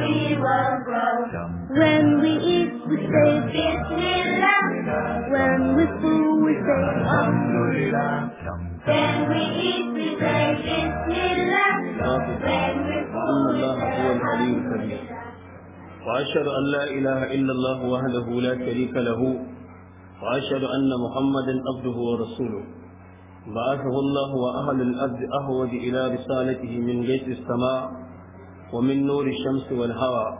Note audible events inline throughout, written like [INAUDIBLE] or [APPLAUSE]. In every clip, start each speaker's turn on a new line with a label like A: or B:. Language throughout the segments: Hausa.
A: we will grow. When we eat, we say Bismillah. When we fool, we say Alhamdulillah. When we eat, we say Bismillah. When we fool, we say Alhamdulillah.
B: وأشهد أن لا إله إلا الله وحده لا شريك له وأشهد أن محمدا عبده ورسوله بعثه الله وأهل الأرض أهود إلى رسالته من جيش السماء ومن نور الشمس والهوى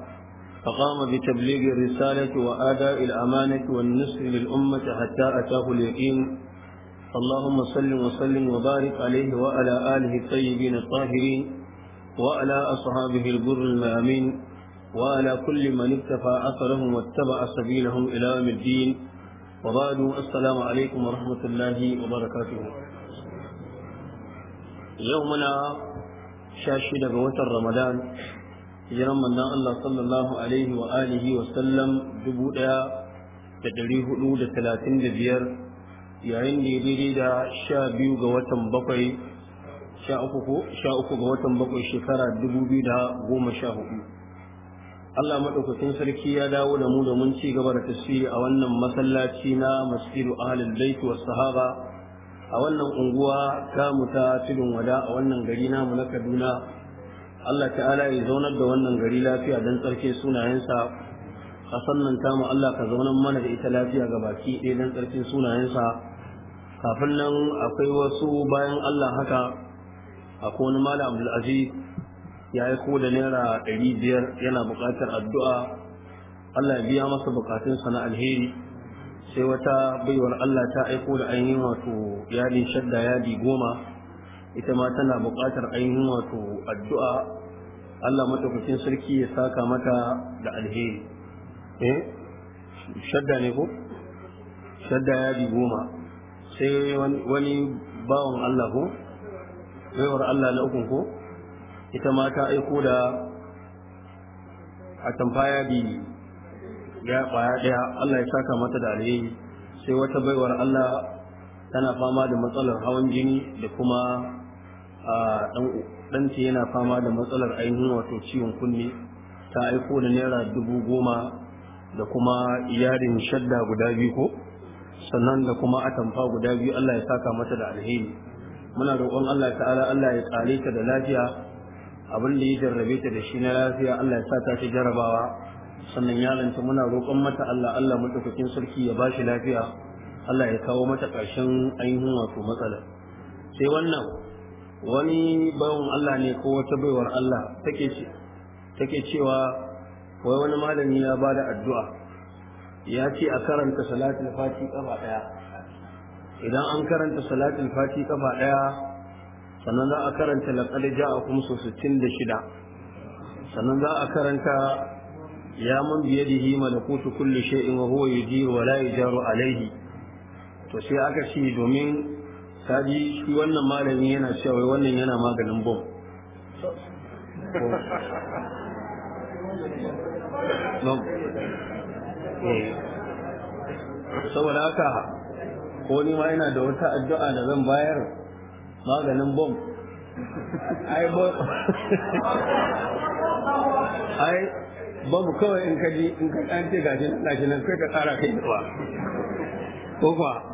B: فقام بتبليغ الرسالة وآداء الأمانة والنصر للأمة حتى أتاه اليقين اللهم صل وسلم وبارك عليه وعلى آله الطيبين الطاهرين وعلى أصحابه البر المامين وعلى كل من اكتفى أثرهم واتبع سبيلهم إلى يوم الدين وبعد السلام عليكم ورحمة الله وبركاته يومنا shida ga watan Ramadan hijiran manzon Allah sallallahu alaihi wa alihi wa sallam 1435 yayin da daidai da sha biyu ga watan bakwai sha uku ga watan bakwai shekara dubu biyu da goma sha hudu. Allah maɗaukakin sarki ya dawo da mu domin ci gaba da tasiri a wannan masallaci na masjidu ahlul bait was sahaba a wannan unguwa ta ta tudun wada a wannan gari namu na kaduna allah ta'ala ya zaunar da wannan gari lafiya don tsarki sunayensa a nan tamu allah ka zaunar mana da ita lafiya ga baki ɗaya don tsarkin sunayensa kafin nan akwai wasu bayan allah haka a wani malam abdulaziz ya yi da naira ɗari biyar yana buƙatar addu'a allah ya biya masa buƙatunsa na alheri sai wata baiwar Allah ta aiko da ainihin wato yadi shadda yadi goma ita ma tana buƙatar ainihin wato addu'a Allah mataukakin sarki ya saka mata da alheri eh shadda ne ko shadda yadi goma sai wani bawan Allah ko baiwar Allah na ukun ko ita ma ta aiko da a tamfaya biyu ya baya daya Allah ya saka mata da alheri sai wata baiwar Allah tana fama da matsalar hawan jini da kuma ɗanta yana fama da matsalar ainihin wato ciwon kunne ta aiko da naira dubu goma da kuma yarin shadda guda biyu ko sannan da kuma atamfa guda biyu Allah ya saka mata da alheri muna roƙon Allah ta'ala Allah ya tsare ta da lafiya abin da ya jarrabe ta da shi na lafiya Allah ya sa ta ta jarabawa sannan yaronta muna roƙon mata Allah Allah madaukakin sarki ya bashi lafiya Allah ya kawo mata ƙarshen ainihin wato matsala sai wannan wani bawan Allah ne ko wata baiwar Allah take ce cewa wai wani malami ya ba da addu'a ya ce a karanta salatul fati kafa ɗaya idan an karanta salatul fati kafa ɗaya sannan za a karanta laƙali ja'a kuma sau sittin da shida sannan za a karanta ya من بيده ملكوت كل شيء wa huwa ولا wa عليه alaihi to sai aka ce domin ji shi wannan malami yana cewa wannan yana maganin bom eh. saboda haka ko ni ma yana da wata addu'a da zan bayar maganin bom ai [LAUGHS] babu kawai in ka in ka ɗan ce gashi nan gashi nan kai ka tsara kai da ko kuwa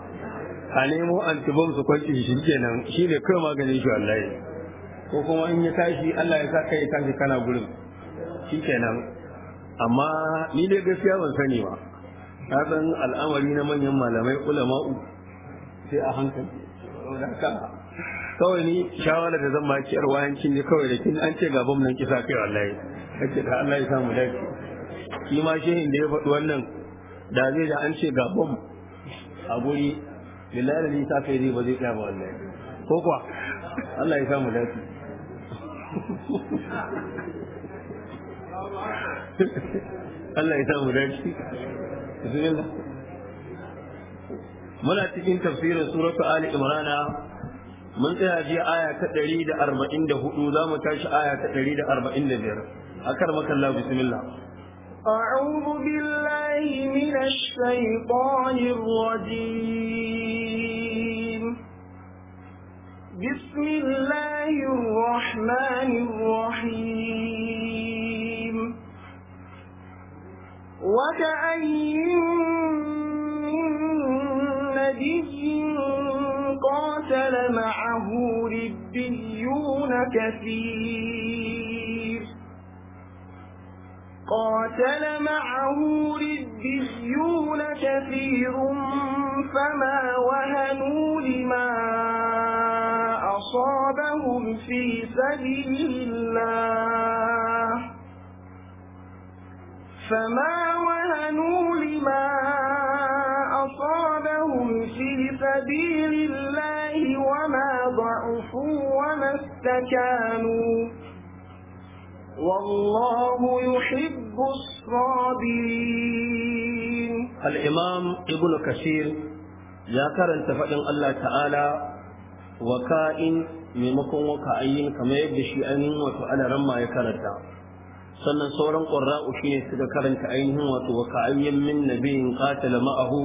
B: a nemo antibom su kwanci shi kenan shi ne kawai maganin shi wallahi ko kuma in ya tashi Allah ya sa kai ya tashi kana gurin shi kenan amma ni dai gaskiya ban sani ba na san al'amari na manyan malamai ulama'u sai a hankali kawai ni shawarar da zan ba ki yar wayancin ne kawai da kin an ce gabam nan kisa kai wallahi kake da Allah ya samu dace shi ma shi inda ya faɗi wannan da zai da an ce ga bom a guri lillahi da nisa kai zai ba zai tsaya ba wannan." ko kuwa Allah ya samu dace
A: Allah ya samu dace bismillah
B: muna cikin tafsirin suratu ali imrana من تهاجي آية تريد أرم إنده نظام كاش آية تريد أرم إنده بير أكرمك الله بسم الله
C: أعوذ بالله من الشيطان الرجيم بسم الله الرحمن الرحيم وكأين كثير قاتل معه ربيون كثير فما وهنوا لما أصابهم في سبيل الله فما وهنوا لما استكانوا والله يحب الصابرين
B: الإمام ابن كثير يا كرن تفعل الله تعالى وكائن maimakon waka ayyin kamar yadda shi ainihin wato alaran ma ya karanta sannan sauran ƙwarra'u shi ne suka karanta ainihin wato waka ayyin min nabiyin qatala ma'ahu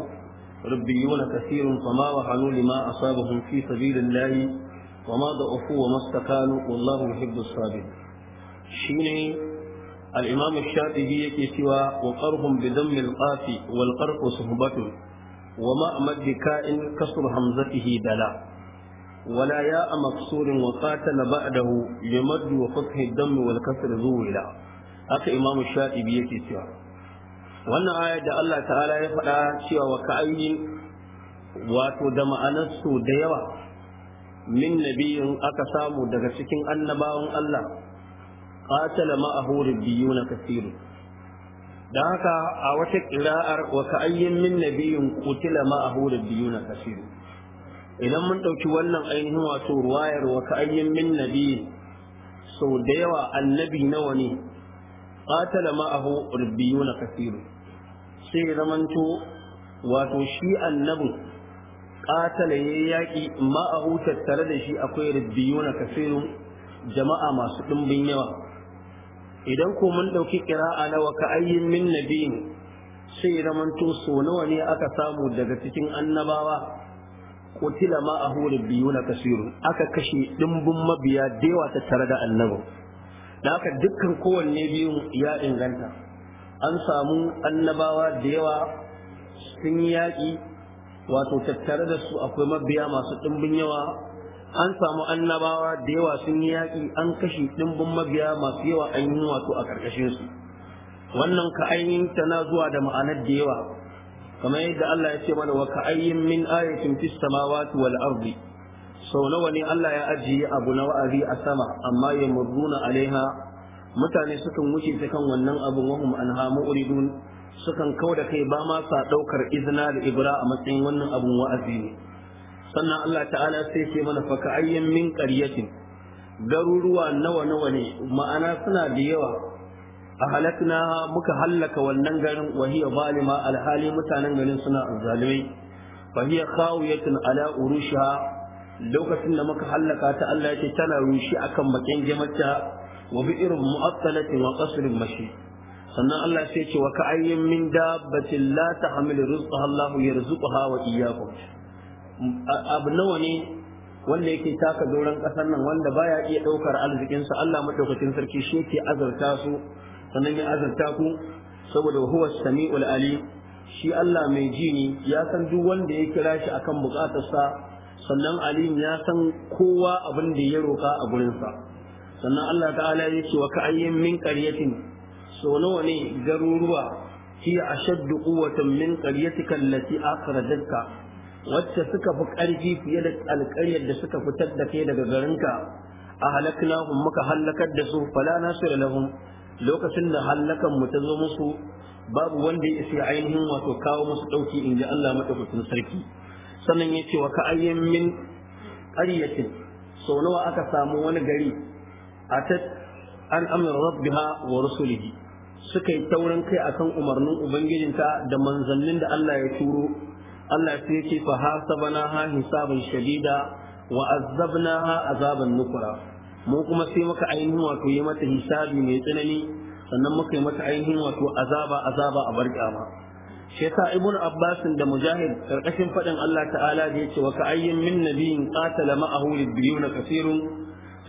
B: rabbiyuna kasirun fama wa hanu lima asabahum fi sabilillahi وما ضعفوا وما استكانوا والله يحب الصابرين شيني الإمام الشافعي يكي سوى وقرهم بذم القاف والقرق صحبة وما أمد كائن كسر همزته دلا ولا ياء مكسور وقاتل بعده يمد وفتح الدم والكسر زولا أخي إمام الشافعي يكي سوى wannan aya da Allah ta'ala ya faɗa cewa wa ka'ayyin wato da ma'anar su da yawa min nabiyin aka samu daga cikin annabawan Allah qatala ma'ahu rabbiyuna kaseeru dan haka a wata qira'ar wa ka'ayyin min nabiyin qutila ma'ahu rabbiyuna kaseeru idan mun dauki wannan ainihin wato ruwayar wa ka'ayyin min nabiyin sau da yawa annabi nawa ne qatala ma'ahu rabbiyuna kaseeru sai zamanto wato shi annabin qatala yayi yaƙi. ma'ahu tare da shi akwai ribbiyuna kafirun jama'a masu ɗumbin yawa idan ko mun ɗauki qira'a na wa ka'ayyin min nabiyin sai ramanto so nawa ne aka samu daga cikin annabawa qutila ma'ahu ribbiyuna kasirun aka kashe dimbin mabiya dewa tattare da annabi da haka dukkan kowanne biyun ya inganta an samu annabawa da yawa sun yaƙi wato tattare da su akwai mabiya masu ɗimbin yawa an samu annabawa da yawa sun yi yaƙi an kashe ɗimbin mabiya masu yawa an yi wato a ƙarƙashin su wannan ka ainihin tana zuwa da ma'anar da yawa kamar yadda Allah ya ce mana wa ka ayyin min ayatin fis samawati wal ardi sau nawa ne Allah ya ajiye abu na wa'azi a sama amma ya murruna alaiha mutane sukan wuce ta kan wannan abun wahum anha mu'ridun sukan kau da kai ba ma sa ɗaukar izina da ibra a matsayin wannan abun wa'azi ne sannan Allah ta'ala sai ce mana faka ayyan min ƙaryatin garuruwa nawa nawa ne ma'ana suna da yawa a halakna muka hallaka wannan garin wahiya balima alhali mutanen garin suna azzalumai fahiya khawiyatun ala urusha lokacin da muka hallaka ta Allah ce tana rushi akan bakin jama'ta wa bi irin mu'attalatin wa qasrin mashi sannan Allah sai ce wa ka'ayyin min dabbatin la ta'amilu rizqaha Allahu yarzuquha wa iyyakum abu nawa ne wanda yake taka doron ƙasar nan wanda baya iya ɗaukar arzikinsa Allah madaukakin sarki shi yake azurta su sannan ya azurta ku saboda huwa sami'ul alim shi Allah mai ji ne ya san duk wanda ya kira shi akan sa, sannan alim ya san kowa abin da ya roƙa a gurinsa sannan Allah ta'ala ya ce wa ka'ayyin min qaryatin so nawa ne garuruwa hi ashaddu quwwatan min qaryatika allati akhrajatka wacce suka fi ƙarfi fiye da alƙaryar da suka fitar da kai daga garinka a halaknahum muka halakar da su fala nasira lahum lokacin da halakan mu ta zo musu babu wanda ya isa ainihin wato kawo musu ɗauki, in ji Allah madaukakin sarki sannan ya ce wa ka min qaryatin sau nawa aka samu wani gari a an amir rabbiha wa rusulihi suka yi taurin kai akan umarnin ubangijinta da manzannin da Allah ya turo Allah sai ce fa hasabana ha hisaban shadida wa azabna ha azaban nukura mu kuma sai muka ainihin wato yi mata hisabi mai tsanani sannan muka yi mata ainihin wato azaba azaba a barka ma shi yasa ibnu abbas da mujahid karkashin fadin Allah ta'ala da yace wa ka ayyin min nabiyin qatala ma'ahu na kaseerun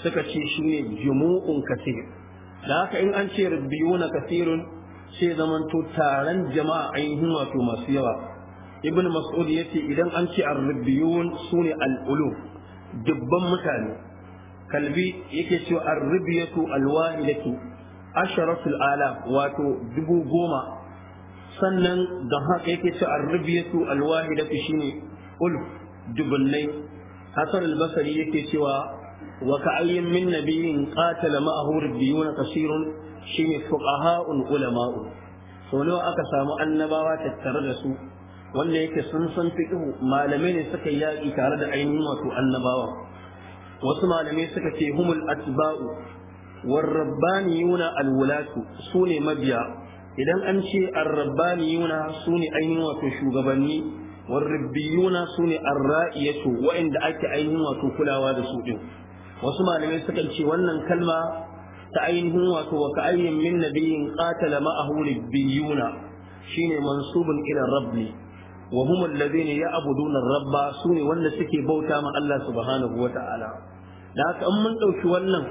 B: suka ce shine jumu'un kaseer da haka in an ce rabbiyuna kasirun sai zamanto taron jama'a ainihin wato masu yawa ibn mas'ud yace idan an ce ar-rabbiyun sune al ulu dubban mutane kalbi yake cewa ar-rabbiyatu al-wahidatu al ala wato dubu goma sannan da haka yake cewa ar-rabbiyatu al-wahidatu shine ulf dubunnai hasan al-basri yake cewa وكأي من نبي قاتل معه ربيون ulamau. Sau nawa aka samu annabawa tattare da su wanda yake sun san fiqhu malamai ne suka yaƙi tare da ainihin wato annabawa wasu malamai suka ce humul atba'u war rabbaniyuna alwulatu sune mabiya idan an ce ar-rabbaniyuna sune ainihin wato shugabanni war rabbiyuna sune ar-ra'iyatu wa'inda ake ainihin wato kulawa da su din wasu malamai sukan ce wannan kalma ta ainihin wato wa ka'ayyin min nabiyyin qatala ma'ahu rabbiyuna shine mansubun ila rabbi wa hum alladhina ya'buduna rabba sune wanda suke bauta ma Allah subhanahu wa ta'ala da haka mun dauki wannan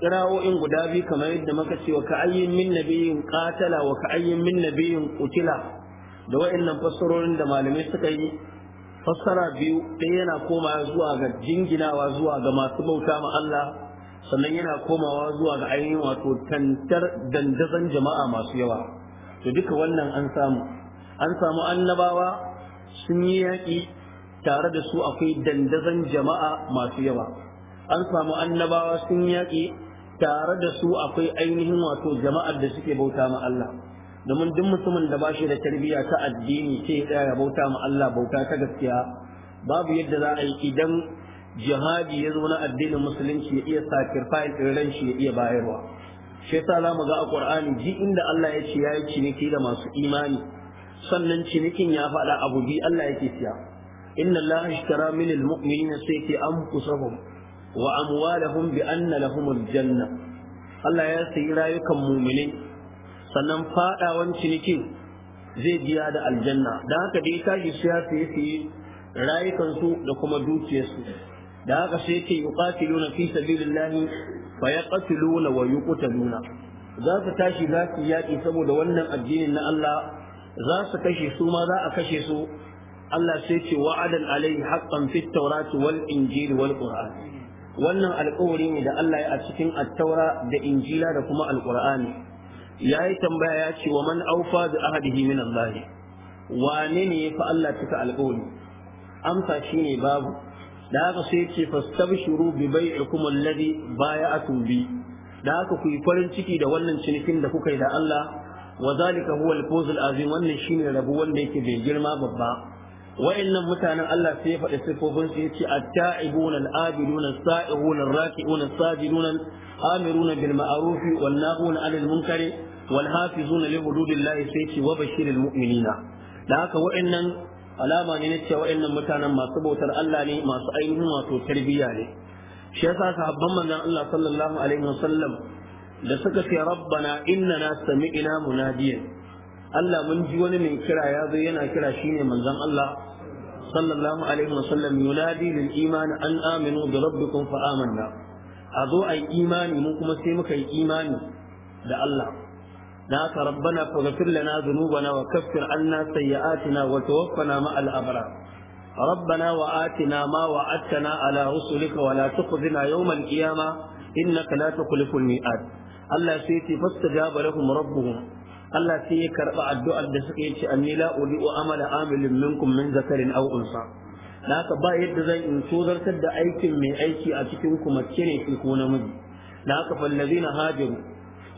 B: kirawo'in guda biyu kamar yadda muka ce wa ka'ayyin min nabiyyin qatala wa ka'ayyin min nabiyyin qutila da wa'annan fassarorin da malamai suka yi fassara biyu ɗaya yana komawa zuwa ga jinginawa zuwa ga masu bauta ma Allah sannan yana komawa zuwa ga ainihin wato tantar dandazon jama'a masu yawa to duka wannan an samu an samu annabawa sun yi yaƙi tare da su akwai dandazon jama'a masu yawa an samu annabawa sun yaƙi tare da su akwai ainihin wato jama'ar da suke bauta ma Allah domin duk mutumin da shi da tarbiyya ta addini sai ya bauta ma Allah bauta ta gaskiya babu yadda za a yi idan jihadi ya zo na addinin musulunci ya iya sacrifice ɗin ran shi ya iya bayarwa shi yasa za mu ga a Qur'ani ji inda Allah ya ce yayi ciniki da masu imani sannan cinikin ya faɗa abu bi Allah yake siya inna Allah ishtara min almu'minina sayti anfusahum wa amwalahum bi anna lahum aljanna Allah ya sayi rayukan mu'minai sannan faɗawan cinikin zai biya da aljanna don haka dai tashi shi ya fiye su rayukansu da kuma dukiyarsu da haka sai ke yuqatiluna fi sabilillahi fa luna wa yuqtaluna za su tashi za su yaƙi saboda wannan addinin na Allah za su kashe su ma za a kashe su Allah sai ce wa'adan alai haqqan fit tawrati wal injil wal qur'an wannan alƙawari ne da Allah ya a cikin at-taura da injila da kuma Alƙur'ani. ya yi tambaya ya ce wa man aufa da ahadihi min Allah wane ne ya fa Allah cika alƙawari amsa shine babu da haka sai ya ce fastabshiru bi bai'ikum alladhi bay'atum bi da haka ku yi farin ciki da wannan cinikin da kuka yi da Allah wa zalika huwa al-fawz al-azim wannan shine rabu wanda yake bai girma babba wa'annan mutanen Allah sai ya faɗi sifofin su yace at-ta'ibuna al-abiduna as-sa'ihuna ar-raki'una as-sajiduna amiruna bil ma'ruf wal nahuna 'anil munkar wal hafizuna li hududillahi sai yace wa bashiril mu'minina da haka wa'annan alama ne na cewa wa'annan mutanen masu bautar Allah ne masu ainihin wato tarbiyya ne shi yasa sahabban manzon Allah sallallahu alaihi wasallam da suka ce rabbana innana sami'na munadiyan Allah mun ji wani mai kira ya zo yana kira shine manzan Allah sallallahu alaihi wasallam yunadi lil iman an aminu bi rabbikum fa amanna a zo ai imani mun kuma sai muka yi imani da Allah da haka rabbana faghfir lana dhunubana wa kaffir anna sayyi'atina wa tawaffana ma'al abrar ربنا وآتنا ما وعدتنا على رسلك ولا تخزنا يوم القيامة إنك لا تخلف الميعاد الله سيتي فاستجاب لهم ربهم Allah sai ya karɓa addu'ar da suka yi ce anni la uli'u amala amilin minkum min zakarin aw unsa da haka ba yadda zan in zartar da aikin mai aiki a cikin ku mace ne ko namiji da haka na hajaru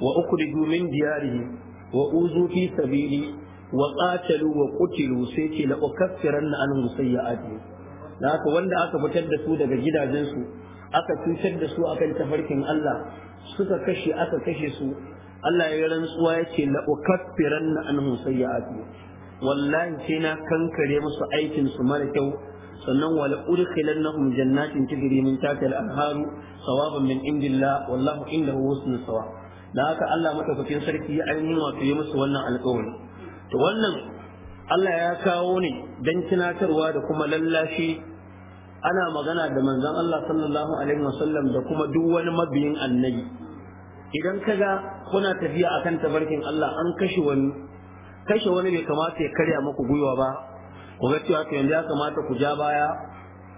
B: wa ukhriju min diyarihim wa uzu fi sabili wa qatalu wa qutilu sai ce la ukaffiranna anhum sayyi'atihim da haka wanda aka fitar da su daga gidajensu aka cutar da su akan tafarkin Allah suka kashe aka kashe su Allah ya rantsuwa yake la ukaffiranna anhum sayyi'ati wallahi sai na kankare musu aikin su mara kyau sannan wal udkhilannahum jannatin tajri min tahtiha al-anharu sawaban min indillah wallahu indahu husnul sawab da haka Allah madaukakin sarki ya ainihin wato yi musu wannan alƙawari to wannan Allah ya kawo ne dan tunatarwa da kuma lallashi ana magana da manzon Allah sallallahu alaihi wasallam da kuma duk wani mabiyin annabi idan ka ga kuna tafiya akan tabarkin Allah an kashe wani kashe wani bai kamata ya karya maku gwiwa ba ku ga cewa yanzu ya kamata ku ja baya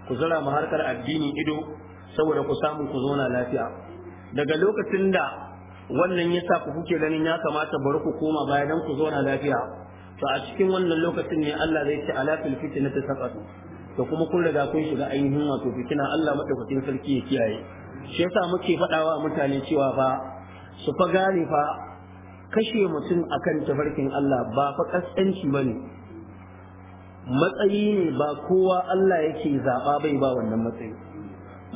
B: ku zura mu harkar addini ido saboda ku samu ku zauna lafiya daga lokacin da wannan ya sa ku kuke ganin ya kamata bari ku koma baya dan ku zauna lafiya to a cikin wannan lokacin ne Allah zai ce ala fil fitnati saqatu to kuma kun riga kun shiga ainihin wato fitina Allah madaukakin sarki ya kiyaye shi yasa muke faɗawa mutane cewa ba. su fa gane fa kashe mutum a kan tafarkin Allah ba fa kaskanci ba ne matsayi ne ba kowa Allah yake zaɓa bai ba wannan matsayi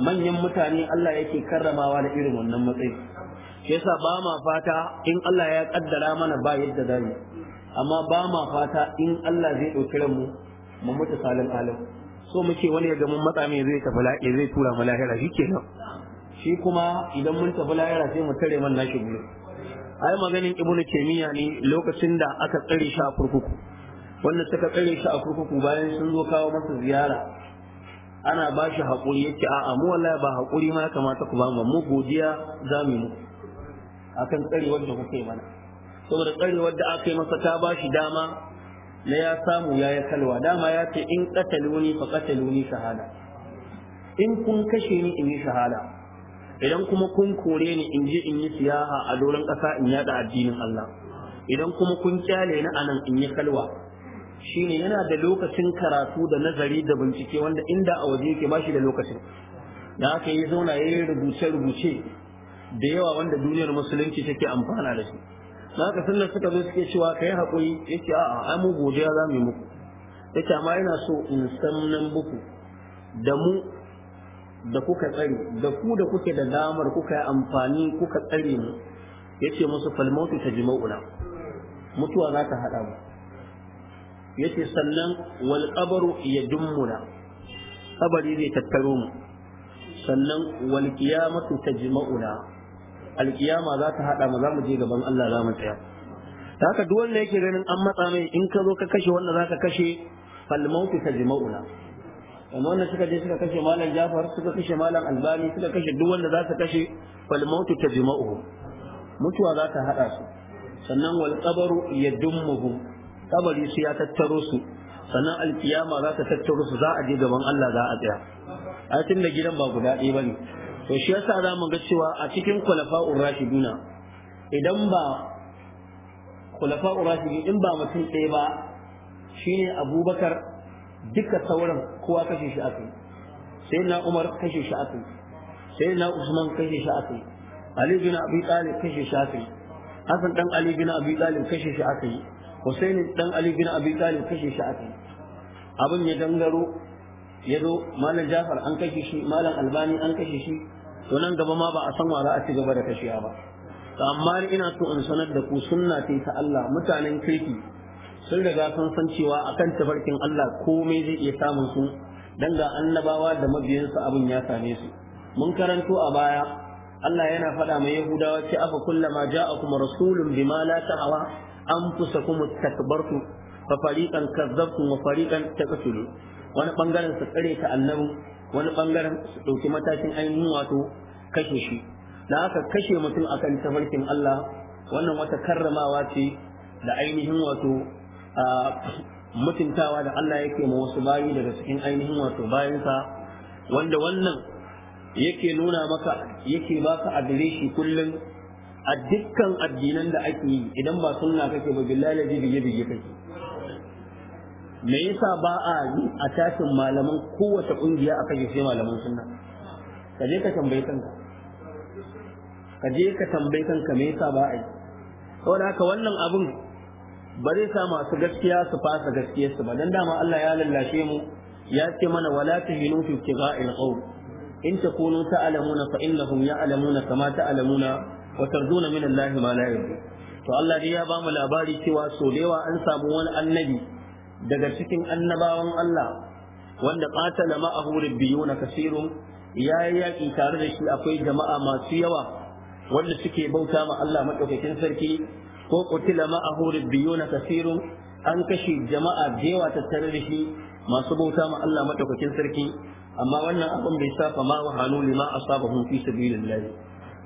B: manyan mutane Allah yake karramawa da irin wannan matsayi yasa ba ma fata in Allah ya ƙaddara mana ba yadda zai amma ba ma fata in Allah zai ɗauki ranmu mu mutu salin alim so muke wani ya ga mun matsa mai zai tafi zai tura mu lahira kenan shi kuma idan mun tafi lahira sai mu tare man nashi gurin ai maganin ibnu kemiya ne lokacin da aka tsare shi a kurkuku wanda suka tsare shi a kurkuku bayan sun zo kawo masa ziyara ana ba shi haƙuri yake, a'a mu wallahi ba haƙuri ma kamata ku ba mu mu godiya za mu mu akan wanda da kuke mana saboda tsare wanda aka yi masa ta ba shi dama na ya samu ya yi kalwa dama ya ce in qataluni fa qataluni shahada in kun kashe ni in yi shahada idan kuma kun kore ni in je in yi siyaha a doron ƙasa in yada addinin Allah idan kuma kun kyale ni anan in yi kalwa shine yana da lokacin karatu da nazari da bincike wanda inda a waje yake bashi da lokacin da haka yi zauna yayi rubuce rubuce da yawa wanda duniyar musulunci take amfana da shi da ka sunna suka zo suke cewa kai hakuri yace a'a ai mu godiya za mu yi muku yace amma ina so in san nan muku da mu da kuka tsare da ku da kuke da damar kuka yi amfani kuka tsare mu ce musu falmautu jima'una. mutuwa za ta haɗa mu Ya ce sannan wal qabru yadummuna kabari zai tattaro mu sannan wal qiyamatu ta jima'una, qiyama za ta haɗa mu za mu je gaban Allah za mu tsaya ta haka duk wanda yake ganin an matsa mai in ka zo ka kashe wanda ka kashe fal ta jima'una. yanzu wanda suka je suka kashe malam Jafar suka kashe malam Albani suka kashe duk wanda za su kashe fal mautu tajma'uhum mutuwa za ta hada su sannan wal qabru yadummuhum kabari su ya tattaro su sannan alkiyama za ta tattaro su za a je gaban Allah za a tsaya a tun gidan ba guda ɗaya bane to shi yasa za mu ga cewa a cikin khulafa'ur rashiduna idan ba khulafa'ur rashidin in ba mutum ɗaya ba shine Abubakar duka sauran kowa kashe shi aka sai na umar kashe shi aka sai na usman kashe shi aka ali bin abi talib kashe shi aka hasan dan ali bin abi talib kashe shi aka husaini dan ali bin abi talib kashe shi aka abin ya dangaro ya zo malam jafar an kashe shi malam albani an kashe shi to nan gaba ma ba a san wa za a ci gaba da kashiya ba amma ina so in sanar da ku sunna ta Allah mutanen kirki sun riga sun san cewa akan tafarkin Allah komai zai iya samun su dan ga annabawa da mabiyansu abin ya same su mun karanto a baya Allah yana faɗa mai Yahudawa ce afa kullama ja'akum rasulun bima la ta'awa anfusakum istakbartu fa fariqan kadzabtum wa fariqan taqtulun wani bangaren su tsare ta annabi wani bangaren su dauki matakin ainihin wato kashe shi da haka kashe mutum akan tafarkin Allah wannan wata karramawa ce da ainihin wato mutuntawa da Allah yake ma wasu bayi daga cikin ainihin wato bayansa wanda wannan yake nuna maka yake baka adireshi kullum a dukkan addinan da ake yi idan ba sunna kake ba billahi laji bige bige kake me yasa ba a yi a tashin malaman kowace kungiya aka yi sai malaman sunna ka je ka tambayi kanka ka je ka tambaye kanka me yasa ba a yi saboda haka wannan abun ba zai sa masu gaskiya su fasa gaskiyarsu ba dan dama Allah ya lallashe mu ya ce mana wala tahinu fi ibtigha'il qawm in takunu ta'lamuna fa innahum ya'lamuna kama ta'lamuna wa tarduna min Allah ma la to Allah dai ya ba mu labari cewa so an samu wani annabi daga cikin annabawan Allah wanda qatala ma'ahu rabbiyuna kasirun ya yi yaƙi tare da shi akwai jama'a masu yawa wanda suke bauta ma Allah maɗaukakin sarki ko qutila ma'ahu rabbiyuna kasirun an kashe jama'a da yawa tattare da shi masu bauta ma Allah madaukakin sarki amma wannan abin bai sa ma wa hanu lima asabahum fi sabilillah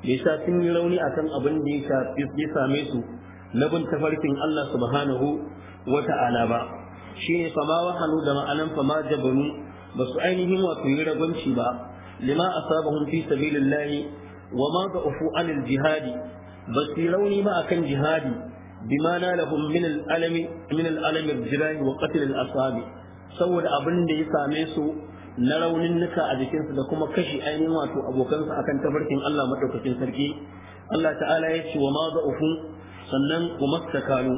B: bai sa sun yi rauni akan abin da ya same su na bin tafarkin Allah subhanahu wa ta'ala ba shine fama wa hannu da ma'anan fama jabanu ba su ainihin wato yi ragwanci ba lima asabahum fi sabilillah wa ma da ufu anil jihadi ba su rauni ba akan jihadi bima na lahum min al-alami wa qatl al-asabi saboda abin da ya same su na raunin nuka a jikinsu da kuma kashi ainihin wato abokansu akan tafarkin Allah madaukakin sarki Allah ta'ala ya ce wa ma za'ufu sannan wa mastakalu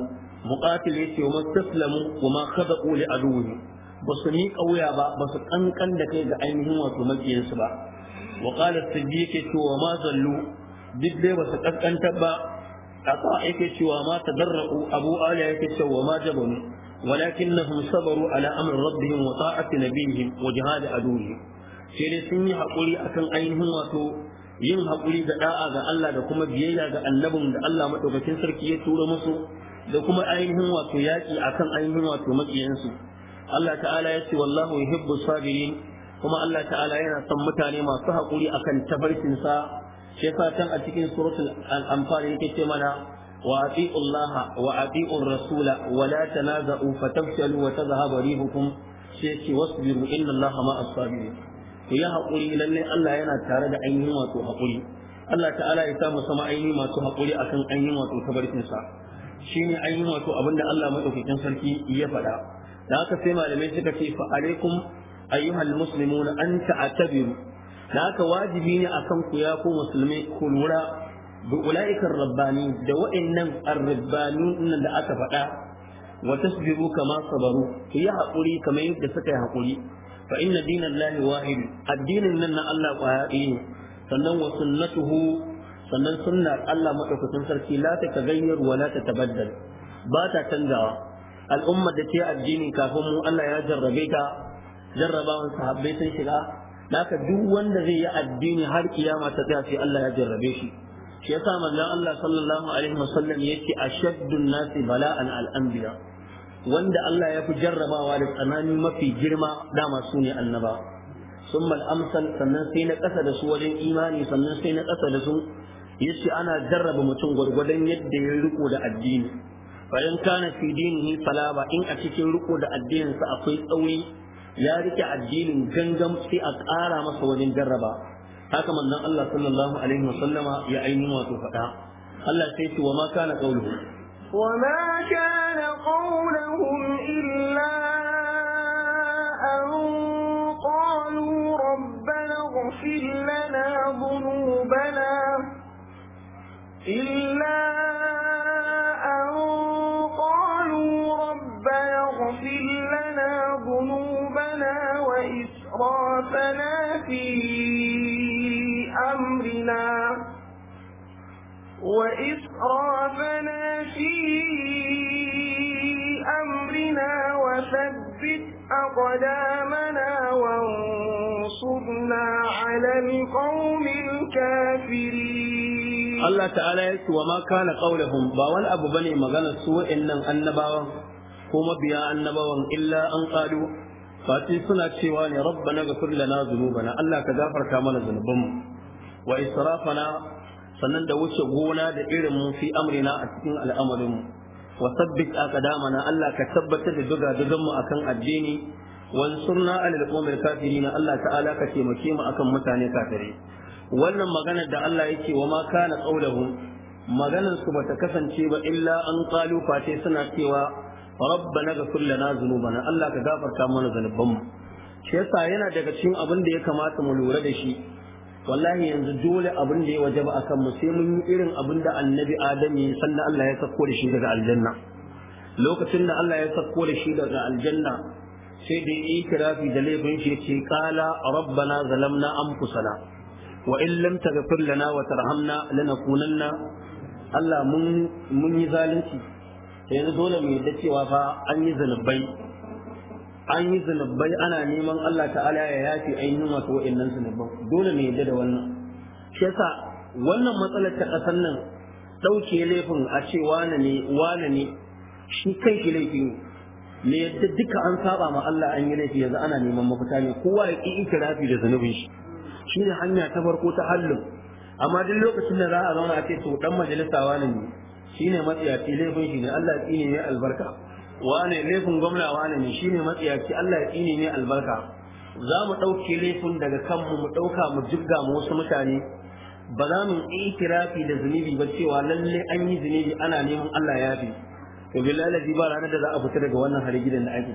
B: muqatil ya ce wa mastaslamu wa ma khada'u li aduwwi ba su ni kauya ba ba su kankan da kai ga ainihin wato makiyansu ba wa qala siddiq ya ce wa ma zallu duk dai ba su kaskantar ba a ta yake cewa ma tadarra'u abu ali yake cewa ma jabanu ولكنهم صبروا على wa ربهم وطاعه نبيهم وجهاد عدوهم sai dai sun yi haƙuri akan ainihin wato yin haƙuri da da'a ga Allah da kuma biyayya ga annabin da Allah madaukakin sarki ya tura musu da kuma ainihin wato yaƙi akan ainihin wato maƙiyansu Allah ta'ala ya ce wallahu yuhibbu sabirin kuma Allah ta'ala yana son mutane masu haƙuri akan tafarkinsa. shi fatan a cikin suratul anfal yake ce mana wa ati'u Allah wa ati'u rasula wa la tanaza'u fatafshalu wa tadhhabu rihukum shi yake wasbiru inna Allah ma'as sabirin ku yi haƙuri lalle Allah yana tare da ainihin wato haƙuri Allah ta'ala ya samu sama ainihin wato haƙuri akan ainihin wato tabarkinsa shi ne ainihin wato abinda Allah maɗaukakin sarki ya faɗa da haka sai malamai suka ce fa alaikum ayyuhal muslimun an ta'tabiru da haka wajibi ne a ku ya ku musulmi ku lura bi ulaiikar rabbani da wa'annan ar nan da aka faɗa wa tasbiru kama sabaru ku yi haƙuri kamar yadda suka yi haƙuri fa inna dinallahi addinin nan na Allah kwaya ne sannan wa sunnatuhu sannan sunnar Allah madaukakin sarki la ta tagayyar wa la ta tabaddal ba ta canzawa al'ummar da ke addini kafin mu Allah ya jarrabe ta jarrabawan sahabbai sun shiga haka duk wanda zai yi addini har kiyama ta tsaya sai Allah ya jarrabe shi shi yasa manzon Allah sallallahu alaihi wasallam yace ashaddun nasi bala'an al-anbiya wanda Allah ya fi jarrabawa da tsanani mafi girma dama su ne annaba Summal al sannan sai na kasa da su wajen imani sannan sai na kasa da su yace ana jarraba mutum gwargwadon yadda ya riko da addini fa in kana fi dinihi salaba in a cikin riko da addininsa akwai tsauri ya rike addinin gangan sai a ƙara masa wani jarraba haka manzon Allah sallallahu alaihi wa sallama ya ainihin wato faɗa Allah sai ce wa ma kana qawluhu
C: wa ma kana qawluhum illa an qalu rabbana ighfir lana dhunubana illa وأسرافنا في أمرنا وإسرافنا في أمرنا وثبت أقدامنا وانصرنا على القوم الكافرين
B: الله تعالى يقول وما كان قولهم باوان أبو بني مغانا سوء إنن أنباوان هم بيا أنباوان إلا أن قالوا fati suna cewa ne rabbana ghfir lana na Allah ka gafarta mana zunubanmu wa israfana sannan da wuce gona da irin mu fi amrina a cikin al'amarin mu wa sabbit aqdamana Allah ka tabbatar da duga dugan mu akan addini wansurna alal qawmil na Allah ta'ala ka taimake mu akan mutane kafirai wannan magana da Allah yake wa ma kana qawluhum maganar su bata kasance ba illa an qalu fate suna cewa rabbana ghfir lana dhunubana Allah ka gafarta mana zanubanmu shi yasa yana daga cikin abin da ya kamata mu lura da shi wallahi yanzu dole abin da ya wajaba akan mu sai mun yi irin abin da annabi adam ya sanna Allah ya sako da shi daga aljanna lokacin da Allah ya sako da shi daga aljanna sai da yi kirafi da laifin shi ce qala rabbana zalamna anfusana wa in lam taghfir lana wa tarhamna lanakunanna Allah mun mun yi zalunci yanzu dole mu yadda cewa fa an yi zunubai an yi zunubai ana neman Allah ta'ala ya yafi ainihin wasu wa'annan zunuban dole mu yadda da wannan shi yasa wannan matsalar ta ƙasar nan ɗauke laifin a ce wane ne wane ne shi kai shi laifi ne yadda duka an saba ma Allah an yi laifi yanzu ana neman mafita ne kowa ya ƙi ikirafi da zunubin shi shi ne hanya ta farko ta hallin amma duk lokacin da za a zauna a ce to dan majalisa wane ne shine matsiyaci laifin shi ne Allah ya mai albarka wane laifin gwamna wane ne shine matsiyaci Allah ya tsine mai albarka za mu ɗauke laifin daga kanmu mu ɗauka mu jibga mu wasu mutane ba za mu ikirafi da zunubi ba cewa lalle an yi zunubi ana neman Allah ya fi to billahi ba ranar da za a fita daga wannan harigidan da ake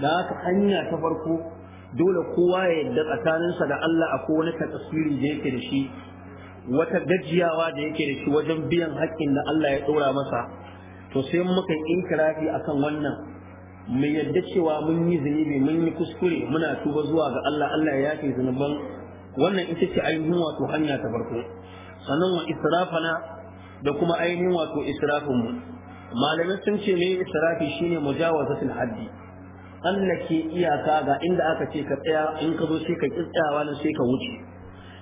B: da haka hanya ta farko dole kowa ya yadda tsakaninsa da Allah a kowane tasiri da yake da shi wata gajiyawa da yake da shi wajen biyan haƙƙin da Allah ya ɗora masa to sai muka yi inkirafi akan wannan mu yadda cewa mun yi zunubi mun yi kuskure muna tuba zuwa ga Allah Allah ya yafe zunuban wannan ita ce ainihin wato hanya ta farko sannan wa israfana da kuma ainihin wato israfin mu malamai sun ce ne israfi shine mujawazatul haddi Allah ke iyaka ga inda aka ce ka tsaya in ka zo sai ka kitsawa nan sai ka wuce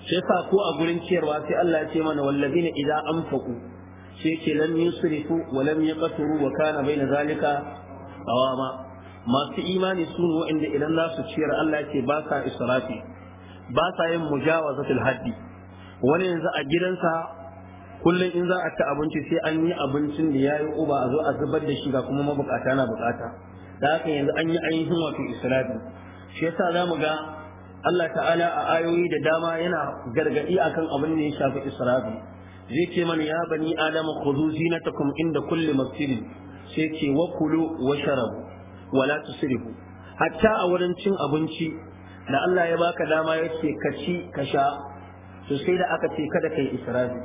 B: shi sa ko a gurin ciyarwa sai Allah ya ce mana wallazina idza anfaqu sai ce lam yusrifu wa lam yaqturu wa kana baina zalika qawama masu imani su ne wa'anda idan za su ciyar Allah ya ce ba sa israfi ba sa yin mujawazatul haddi wani yanzu a gidansa kullum in za a ci abinci sai an yi abincin da yayi uba a zo a zubar da shi ga kuma mabukata na bukata da haka yanzu an yi ainihin wato israfi shi yasa zamu ga Allah ta'ala a ayoyi da dama yana gargadi akan abin da ya shafi israfi zai ce mana ya bani adama khudhu zinatakum inda kulli masjidin sai ce wa kulu wa sharabu wala tusrifu hatta a wurin cin abinci da Allah ya baka dama ya ce ka ci ka sha to sai da aka ce kada kai israfi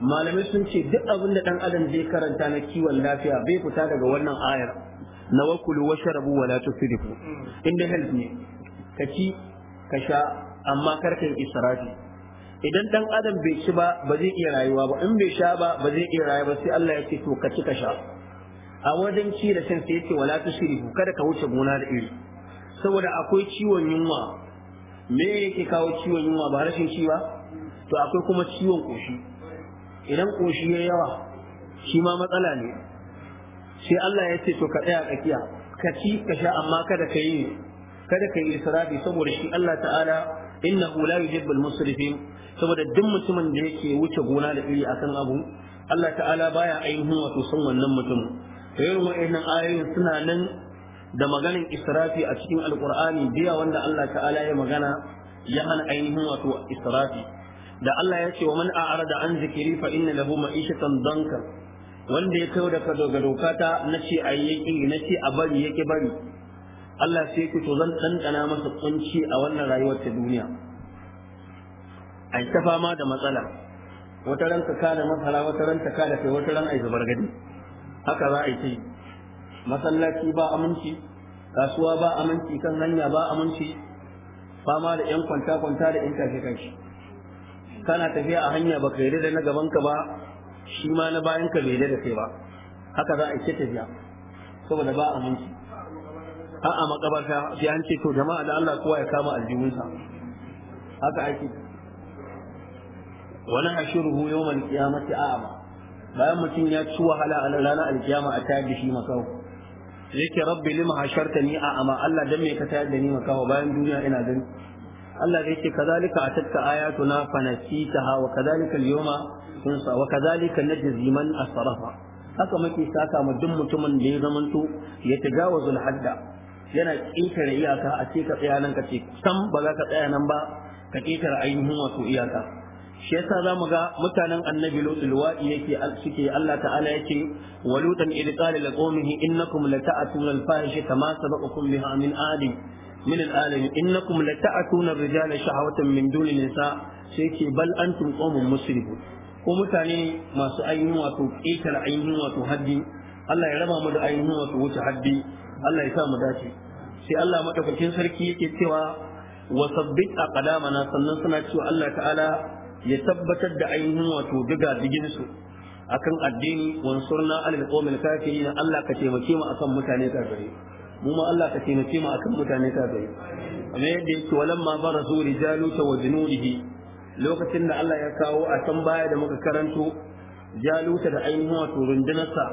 B: malamai sun ce duk abin da dan adam zai karanta na kiwon lafiya bai fita daga wannan ayar na wakulu wa sharabu wala tusrifu inda health ne ka ci ka sha amma yi israfi idan dan adam bai ci ba ba zai iya rayuwa ba in bai sha ba ba zai iya rayuwa sai Allah ya ce to ka ci ka sha a wajen ci da shan sai yace wala tushriku kada ka wuce gona da iri saboda akwai ciwon yunwa me yake kawo ciwon yunwa ba rashin ci ba to akwai kuma ciwon koshi idan koshi ya yawa shi ma matsala ne sai Allah ya ce to ka tsaya tsakiya ka ci ka sha amma kada ka yi kada ka yi israfi saboda shi Allah ta'ala innahu la yuhibbul musrifin saboda duk mutumin da yake wuce gona da iri akan abu Allah ta'ala baya ainihin wato son wannan mutum to yau wa'annan ayoyin suna nan da maganin israfi a cikin alqur'ani biya wanda Allah ta'ala ya magana ya hana ainihin wato israfi da Allah ya ce wa man a'rada an zikiri fa inna lahu ma'ishatan danka wanda ya kawo daga doka ta na ce ayi na ce a bari yake bari Allah sai ku to zan tsankana masa kunci a wannan rayuwar ta duniya ai ta fama da matsala wata ranka ka da masara wata ranka ka da kai wata ran ai zubar gadi haka za a yi ta masallaci ba aminci kasuwa ba aminci kan hanya ba aminci fama da yan kwanta kwanta da yan tafi kanshi kana tafiya a hanya baka yarda da na gaban ka ba shi ma na bayan ka bai da kai ba haka za a yi ta tafiya saboda ba aminci a'a makabarta sai an ce to jama'a da Allah kowa ya kama aljihunsa haka ake wani ashiruhu yawmal qiyamati a'ma bayan mutum ya ci wahala a ranar alkiyama a tayar da shi makaho yake rabbi lima hashartani a'ma Allah dan me ka tayar da ni makaho bayan duniya ina gani Allah zai ce kazalika atatka ayatuna fanasitaha wa kazalika al-yawma tunsa wa kazalika najzi man asrafa haka muke saka mu duk mutumin da ya zamanto ya tagawazul hadda yana ƙetare iyaka a ce ka tsaya nan ka ce sam ba za ka tsaya nan ba ka ƙetare ainihin wato iyaka shi yasa za mu ga mutanen annabi lutul wa'i yake suke Allah ta'ala yake walutan id qala li qaumihi innakum lata'tuna al-fahisha kama sabaqakum biha min adi min al-alamin innakum lata'tuna ar-rijala shahwatan min duni nisa sai yake bal antum qaumun musrifun ko mutane masu ainihin wato ƙetare ainihin wato haddi Allah ya raba mu da ainihin wato wuce haddi Allah ya sa mu dace sai Allah madaukakin sarki yake cewa wa sabbit aqdamana sannan suna cewa Allah ta'ala ya tabbatar da ainihin wato diga digin su akan addini wansurna alal qawmil kafirin Allah ka taimake mu akan mutane kafirai mu ma Allah ka taimake mu akan mutane kafirai amma yadda yake walamma barazu rijaluta wa junudihi lokacin da Allah ya kawo a can baya da muka karanto jaluta da ainihin wato rundunarsa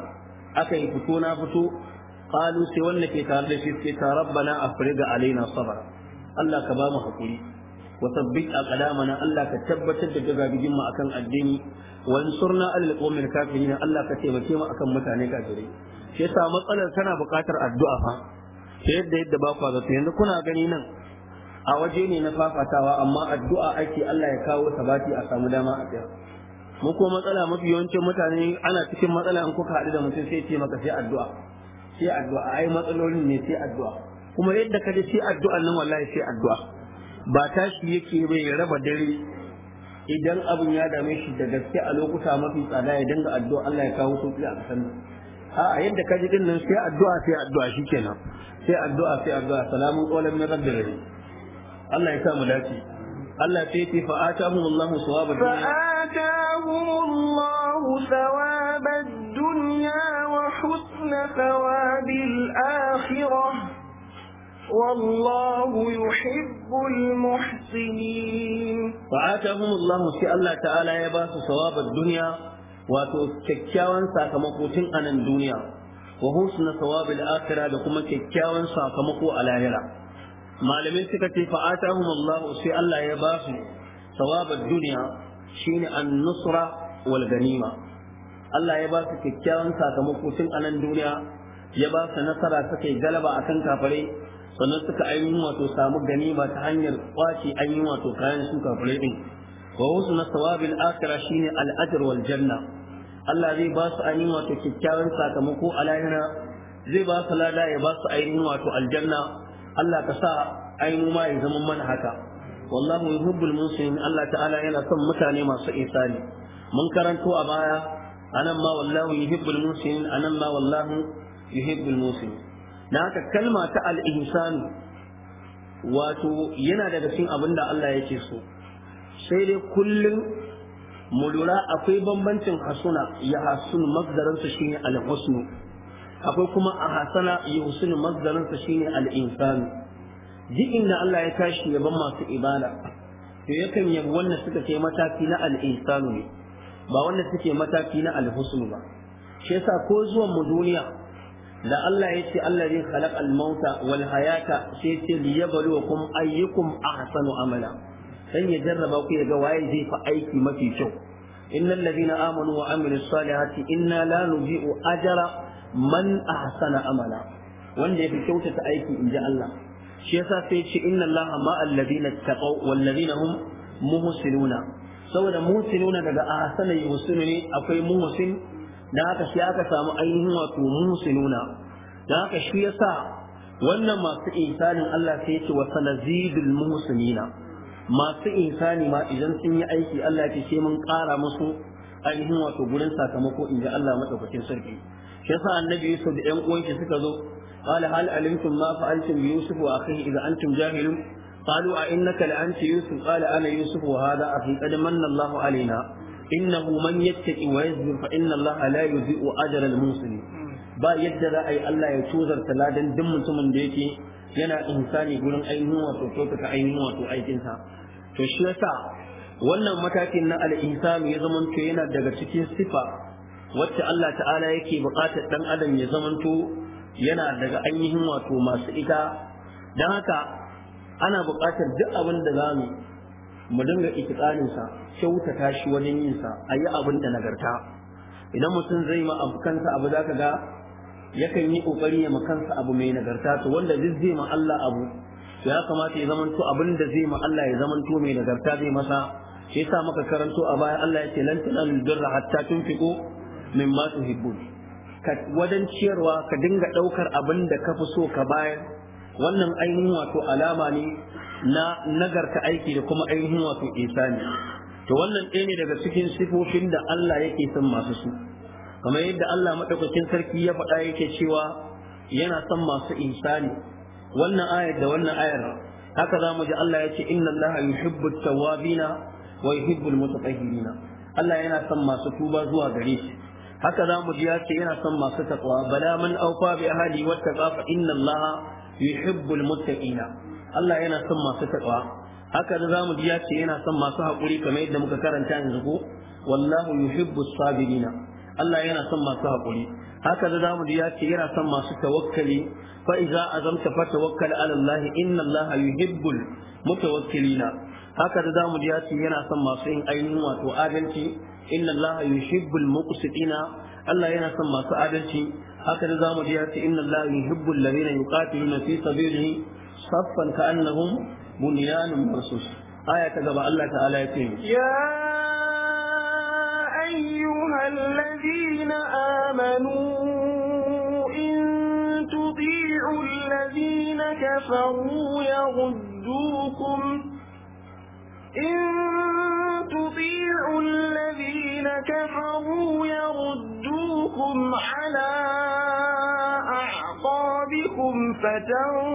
B: aka yi fito na fito قالوا sai wanda ke tare da shi ke ta rabbana afriga alaina sabr Allah ka ba mu hakuri wa tabbit aqdamana Allah ka tabbatar da gagagin mu akan addini wa ansurna alal qawmil kafirin Allah ka taimake mu akan mutane kafirai sai yasa matsalar tana buƙatar addu'a fa yadda yadda ba ku zato yanzu kuna gani nan a waje ne na fafatawa amma addu'a ake Allah ya kawo sabati a samu dama a tsaya mu ko matsala mafi yawancin mutane ana cikin matsala in kuka haɗu da mutum sai ce maka sai addu'a sai addu'a ai matsalolin ne sai addu'a kuma yadda ka ji sai addu'a nan wallahi sai addu'a ba tashi yake bai raba dare idan abin ya dame shi da gaske a lokuta mafi tsada ya dinga addu'a Allah ya kawo sauki a kasan nan a'a yadda ka ji din nan sai addu'a sai addu'a shikenan sai addu'a sai addu'a salamu qolam min rabbil alamin Allah ya sa mu dace Allah sai ce fa atahum Allah sawaba fa
C: atahum Allah sawaba dunya wa husna thawab والله يحب المحسنين
B: فآتهم الله في الله تعالى يباس ثواب الدنيا وتككاوان ساكمكو تنقنا الدنيا وحسن ثواب الآخرة لكم ككاوان ساكمكو على هلا معلمين سكتي فآتهم الله في الله يباس ثواب الدنيا شين النصرة والغنيمة الله يباس ككاوان ساكمكو تنقنا الدنيا ya ba su nasara suka yi galaba a kan kafare sannan suka ainihin wato samu gani ba ta hanyar kwace ainihin wato kayan su kafirai din wa wasu na sawabil akira shine al'ajar wal janna Allah zai ba su ainihin wato kyakkyawan sakamako a lahira zai ba su lada ya ba su ainihin wato aljanna Allah ka sa ainihin ma ya zama mana haka wallahu yuhibbul muslimin Allah ta'ala yana son mutane masu isani mun karanto a baya anan ma wallahu yuhibbul muslimin anan ma wallahu yuhibbul muslimin da haka kalma ta al wato yana daga cikin abin da Allah yake so sai dai kullum mu lura akwai bambancin hasuna ya hasun masdaransa shine al-husnu akwai kuma a hasana ya husnu masdaransa shine al-insanu duk inda Allah ya tashi ya ban masu ibada to yakan yabi wanda suka kai mataki na al ne ba wanda suke mataki na al-husnu ba shi yasa ko zuwan mu duniya da Allah ya ce Allah zai khalaq al-mauta wal hayata sai ce liyabluwakum ayyukum ahsanu amala dan ya jarraba ku ya ga waye zai fa aiki mafi kyau innal ladina amanu wa amilus salihati inna la nudi'u ajra man ahsana amala wanda yafi kyautata aiki inji Allah shi yasa sai ce inna Allah ma alladina taqaw wal ladina hum muhsinuna saboda muhsinuna daga ahsana yusinu ne akwai muhsin da haka sai aka samu ainihin wato musinuna da haka shi yasa wannan masu ihsanin Allah sai ce wa sanazidul muhsinina masu ihsani ma idan sun yi aiki Allah ya ce mun ƙara musu ainihin wato gurin sakamako in ji Allah madaukakin sarki shi yasa annabi Yusuf da ƴan uwanki suka zo قال هل علمتم ما فعلتم بيوسف واخيه اذا انتم جاهلون قالوا أئنك لأنت يوسف قال أنا يوسف وهذا أخي قد من الله Alaina. innahu man yattaqi wa yazbir fa inna Allah la yudhi'u ba yadda za a yi Allah ya tozarta ladan duk mutumin da yake yana insani gurin ainihin wato kyautata ainihin wato aikinsa to shi yasa wannan matakin na al insani ya zamanto yana daga cikin sifa wacce Allah ta'ala yake buƙatar dan adam ya zamanto yana daga ainihin wato masu ita don haka ana buƙatar duk abin da za mu mu dinga ikitsarin sa kyautata shi wajen yin ayi abin da nagarta idan mutum zai ma abu kansa abu ga yakan yi kokari ya ma kansa abu mai nagarta to wanda duk zai ma Allah abu ya kamata ya zamanto abin da zai ma Allah ya zamanto mai nagarta zai masa shi yasa muka karanto a baya Allah ya ce lan tanalul birra hatta tunfiqu mimma tuhibbun ka wajen ciyarwa ka dinga ɗaukar abin da ka fi so ka bayar wannan ainihin wato alama ne na nagarta aiki da kuma ainihin wato isani to wannan ɗaya ne daga cikin sifofin da Allah yake son masu su kamar yadda Allah madaukakin sarki ya faɗa yake cewa yana son masu isani wannan ayar da wannan ayar haka za mu ji Allah ya ce inna Allah yuhibbu tawabina wa yuhibbu almutatahhirina Allah yana son masu tuba zuwa gare shi haka za mu ji ya ce yana son masu taqwa bala man awfa bi ahli wattaqa fa inna Allah yuhibbul muttaqina Allah yana son masu taƙwa haka da zamu ji ya ce yana son masu haƙuri kamar yadda muka karanta yanzu ko wallahu yuhibbu sabirina Allah yana son masu haƙuri haka da zamu ji ya ce yana son masu tawakkali fa idza azamta fa tawakkal ala Allah inna Allah yuhibbul mutawakkilina haka da zamu ji ya ce yana son masu yin ainihin wato adalci inna Allah yuhibbul muqsitina Allah yana son masu adalci haka da zamu ji ya ce inna Allah yuhibbul ladina yuqatiluna fi sabilihi صفا كأنهم بنيان مرصوص آية تقبع الله تعالى يا
C: أيها الذين آمنوا إن تطيعوا الذين كفروا يغدوكم إن تطيعوا الذين كفروا يردوكم على بكم فتنقلبوا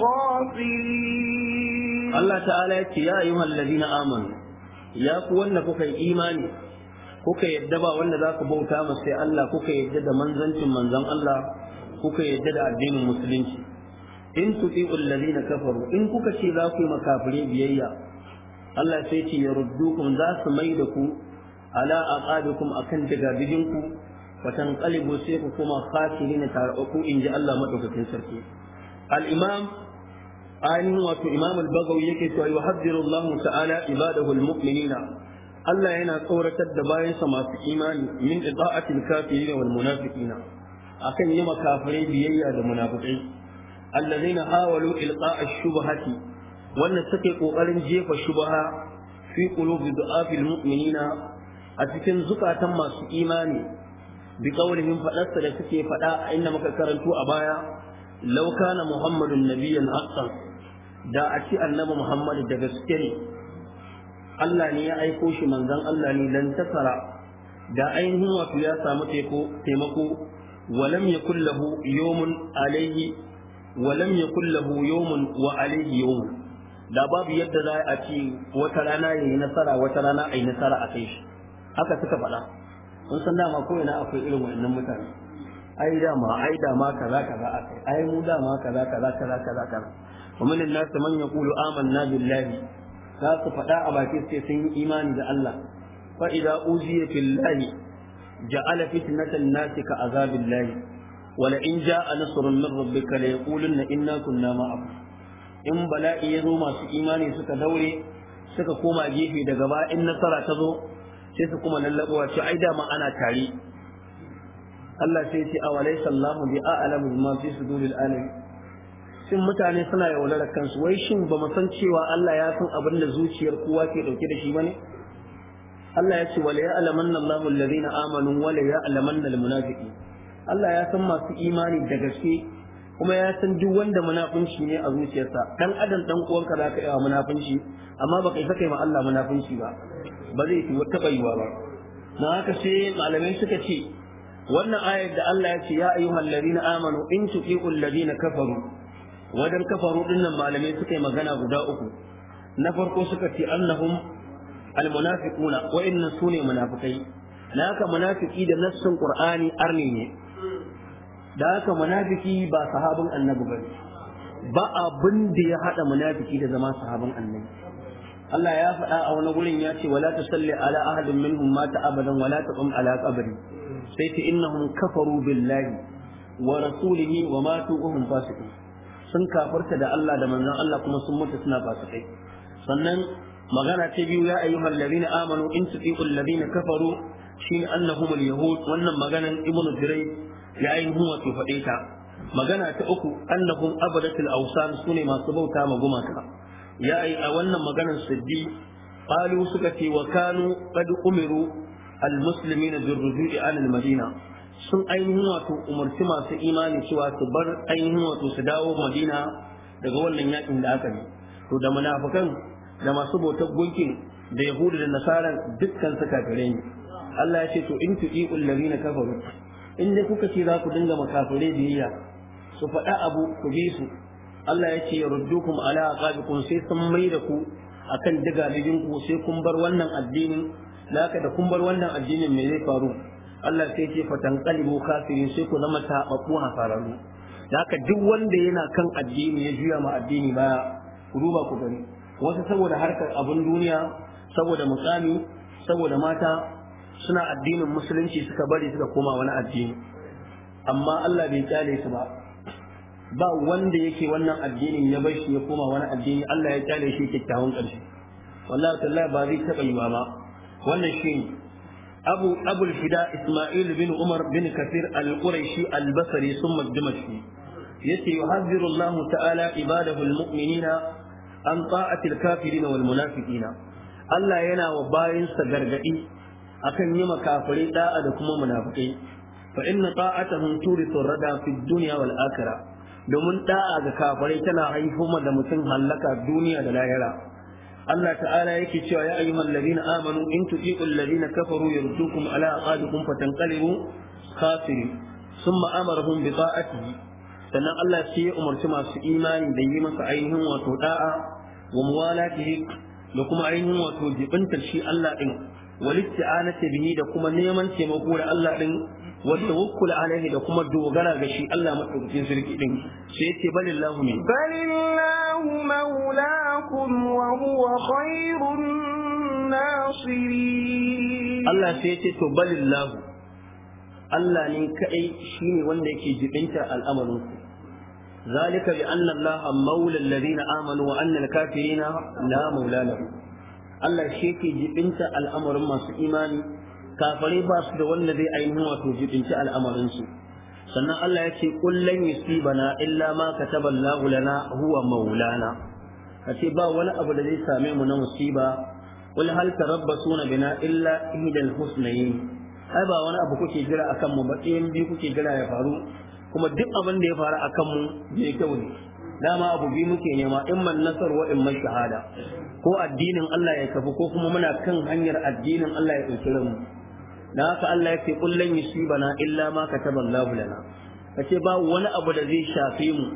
C: خاسرين
B: الله تعالى يا أيها الذين آمنوا يا قوانا كفي إيماني kuka yadda ba wanda za ku bauta ma sai Allah kuka yadda da manzancin manzan Allah kuka yadda da addinin musulunci in tuti'u allazina kafaru in kuka ce za ku yi makafire biyayya Allah sai ce ya ruddukum za su mai da ku ala aqabikum akan ku. وتنقلب سيقكما خاسرين تارقوا إن جاء الله مدعوك تنسركي الإمام آن وفي إمام البغوي يكيس ويحذر الله تعالى عباده المؤمنين الله ينا قورة الدباين سما في إيمان من إضاءة الكافرين والمنافقين أكن يما كافرين بيئة المنافقين الذين حاولوا إلقاء الشبهة وأن سكقوا قلن جيف الشبهة في قلوب ضعاف المؤمنين أتكن زكاة ما في إيماني bi qawlihim fadarsa da suke faɗa inda muka karanto a baya law kana muhammadun nabiyyan haqqan da a ci Allah ne ya aiko shi manzon Allah ne dan tasara da ainihin wato ya samu taimako ولم يكن له يوم عليه ولم يكن له يوم da babu yadda za a ci wata rana ya yi nasara wata rana a nasara a kai shi haka suka faɗa kun san dama ko ina akwai irin wannan mutane ai dama ai dama kaza kaza ai mu dama kaza kaza kaza kaza kaza wa min nas man yaqulu amanna billahi za su fada a baki su sun yi imani da Allah fa idza ujiya fillahi ja'ala fitnatan nas ka azabillahi wala in ja'a nasrun min rabbika la yaqulunna inna kunna ma'akum in bala'i ya zo masu imani suka daure suka koma gefe daga ba in nasara ta zo sai su kuma lallabawa cewa ai dama ana tare Allah sai ce awalaysa Allahu bi a'lamu bima fi shin mutane suna kansu wai shin ba mu san cewa Allah ya san abin da zuciyar kowa ke dauke da shi bane Allah ya ce wala ya'lamanna Allahu alladhina amanu wala ya'lamanna almunafiqin Allah ya san masu imani da gaske kuma ya san duk wanda munafunci ne a zuciyarsa dan adam dan uwanka zaka yi wa munafunci amma baka yi kai ma Allah munafunci ba ba zai taɓa yiwa ba na haka sai malamai suka ce wannan ayar da Allah ya ce ya ayyuhal ladina amanu in tuti'ul ladina kafaru wajen kafaru dinnan malamai suka yi magana guda uku na farko suka ce annahum almunafiquna wa inna sune munafikai na haka munafiki da nassin qur'ani arni ne da haka munafiki ba sahabin annabi bane ba abin da ya hada munafiki da zama sahabin annabi Allah ya faɗa a wani gurin ya ce wala salli ala ahadin minhum mata abadan wala taqum ala qabri sai ta innahum kafaru billahi wa rasulihi wa matu wa fasiqun sun kafarta da Allah da manzon Allah kuma sun mutu suna fasikai sannan magana ta biyu ya ayyuhal ladina amanu in tuti'u alladina kafaru Shi annahum al-yahud wannan maganan ibnu dirai ya ayyuhum wa faɗe magana ta uku annahum abadatul awsan sune masu bauta ma gumaka ya yi a wannan maganar siddi qalu suka ce wa kanu qad umiru al muslimina bi rujui an al madina sun ainihin wato umarci masu imani cewa su bar ainihin wato su dawo madina daga wannan yakin da aka yi to da munafikan da masu bautar gunkin da yahudu da nasaran dukkan suka gare ni Allah ya ce to in tu'i'u allazina kafaru in dai kuka ce za ku dinga makafire biyayya su faɗa abu ku bi su Allah ya ce yaruddukum ala aqabikum sai sun mai da ku akan digalibin ku sai kun bar wannan addinin laka da kun bar wannan addinin me zai faru Allah sai ce fatan qalibu kafirin sai ku zama tababbu hasararru haka duk wanda yana kan addini ya juya ma addini baya ku duba ku gani wasu saboda harkar abin duniya saboda mutsami saboda mata suna addinin musulunci suka bari suka koma wani addini amma Allah bai kyale su ba ba wanda yake wannan addinin ya bar shi ya koma wani addini Allah ya kyale shi kyakkyawan ƙarshe wallahi tallahi ba zai taɓa yiwa ba wannan shi abu abul isma'il bin umar bin kafir al-quraishi al-basri sun dimashqi yace yuhadhiru Allah ta'ala ibadahu al-mu'minina an ta'ati al-kafirin wal munafiqina Allah yana wa bayinsa gargadi akan yi makafirai da'a da kuma munafikai fa inna ta'atahum turithu rada fi dunya wal akhirah domin da'a ga kafirai tana haifo da mutum hallaka duniya da lahira Allah ta'ala yake cewa ya ayyuhal ladina amanu in tuti'u alladhina kafaru yardukum ala aqadikum fatanqalibu khasirin thumma amarahum bi ta'atihi sannan Allah sai ya umarci masu imani da yi masa ainihin wato da'a wa muwalatihi da kuma ainihin wato jibintar shi Allah din walitti'anati bihi da kuma neman taimako da Allah din wani da wukkula alaihi da kuma dogara ga shi Allah madaukakin sarki din sai yace balillahu min balillahu
C: maulakum wa huwa khairun nasirin Allah
B: sai yace to balillahu Allah ne kadai shine wanda yake jibinta al'amarin ku ذلك بأن الله مولى الذين آمنوا وأن الكافرين لا مولى لهم Allah shi ke jibinta al'amarin masu imani kafare ba su da wanda zai ainihin wato jibinci al'amarinsu sannan Allah ya ya kullan yusibana illa ma kataba Allahu lana huwa maulana kace ba wani abu da zai same mu na musiba qul hal tarabbasuna bina illa ihdal husnayn ai ba wani abu kuke jira akan mu ba ɗayan biyu kuke jira ya faru kuma duk abin da ya faru akan mu bai kyau ne dama abu biyu muke nema man nasar wa man shahada ko addinin Allah ya kafu ko kuma muna kan hanyar addinin Allah ya ɗauki mu da haka Allah ya yake kullan yusibana illa ma kataballahu lana kace ba wani abu da zai shafe mu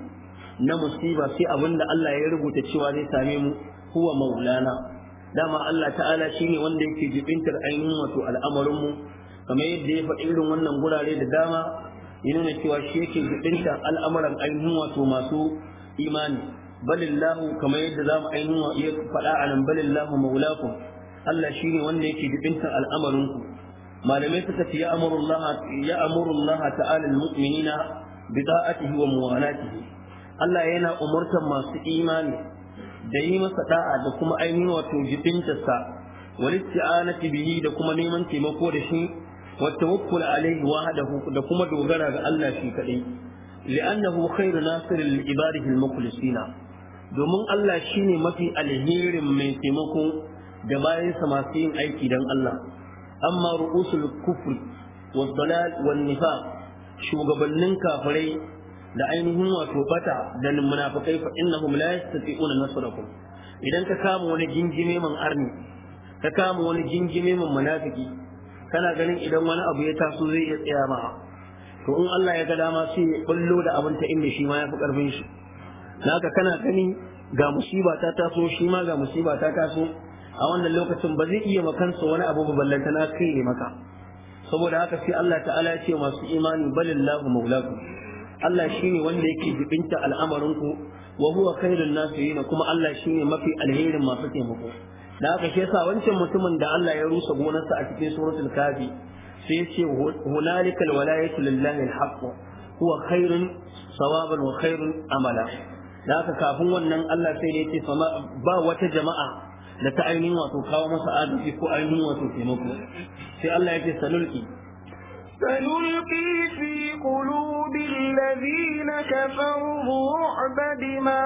B: na musiba sai abin da Allah ya rubuta cewa zai same mu huwa maulana dama Allah ta'ala shine wanda yake jibintar ainihin wato al'amarin mu kamar yadda ya faɗi irin wannan gurare da dama ya nuna cewa shi yake jibintar al'amuran ainihin wato masu imani balillahu kamar yadda za mu ainihin ya faɗa a nan balillahu maulakum Allah shine wanda yake jibintar al'amarin ku malamai suka ce ya amuru Allah ya amuru Allah ta'ala almu'minina bi da'atihi wa muwalatihi Allah yana umurtar masu imani da yi masa da'a da kuma ainihin wato jibinta sa wal bihi da kuma neman taimako da shi wa tawakkul alaihi wahdahu da kuma dogara ga Allah shi kadai li'annahu khairu nasir lil ibadihi domin Allah shine mafi alherin mai taimako da bayansa masu yin aiki dan Allah amma ru'usul kufri wal dalal wal nifaq shugabannin kafurai da ainihin wato bata da munafikai fa innahum la yastati'una nasrakum idan ka kama wani jingime man arni ka kama wani jingime man munafiki kana ganin idan wani abu ya taso zai iya tsaya ma to in Allah ya ga dama sai ya kullo da abin ta inda shi ya fi karfin shi naka kana gani ga musiba ta taso shi ma ga musiba ta taso a wannan lokacin ba zai iya makansa wani abu ballanta na kai ne maka saboda haka sai Allah ta'ala ya ce masu imani balillahu maulakum Allah shine wanda yake jibinta al'amarinku wa huwa khairun nasirin kuma Allah shine mafi alherin masu taimako da haka shi yasa wancan mutumin da Allah ya rusa gonarsa a cikin suratul kafi sai yace hunalika alwalayatu lillahi alhaq huwa khairun sawaban wa khairun amala da haka kafin wannan Allah sai ya ce ba wata jama'a da ta ainihin wato kawo masa arziki ko ainihin wato taimako sai Allah ya ce sanulki
C: سنلقي في قلوب الذين كفروا الرعب بما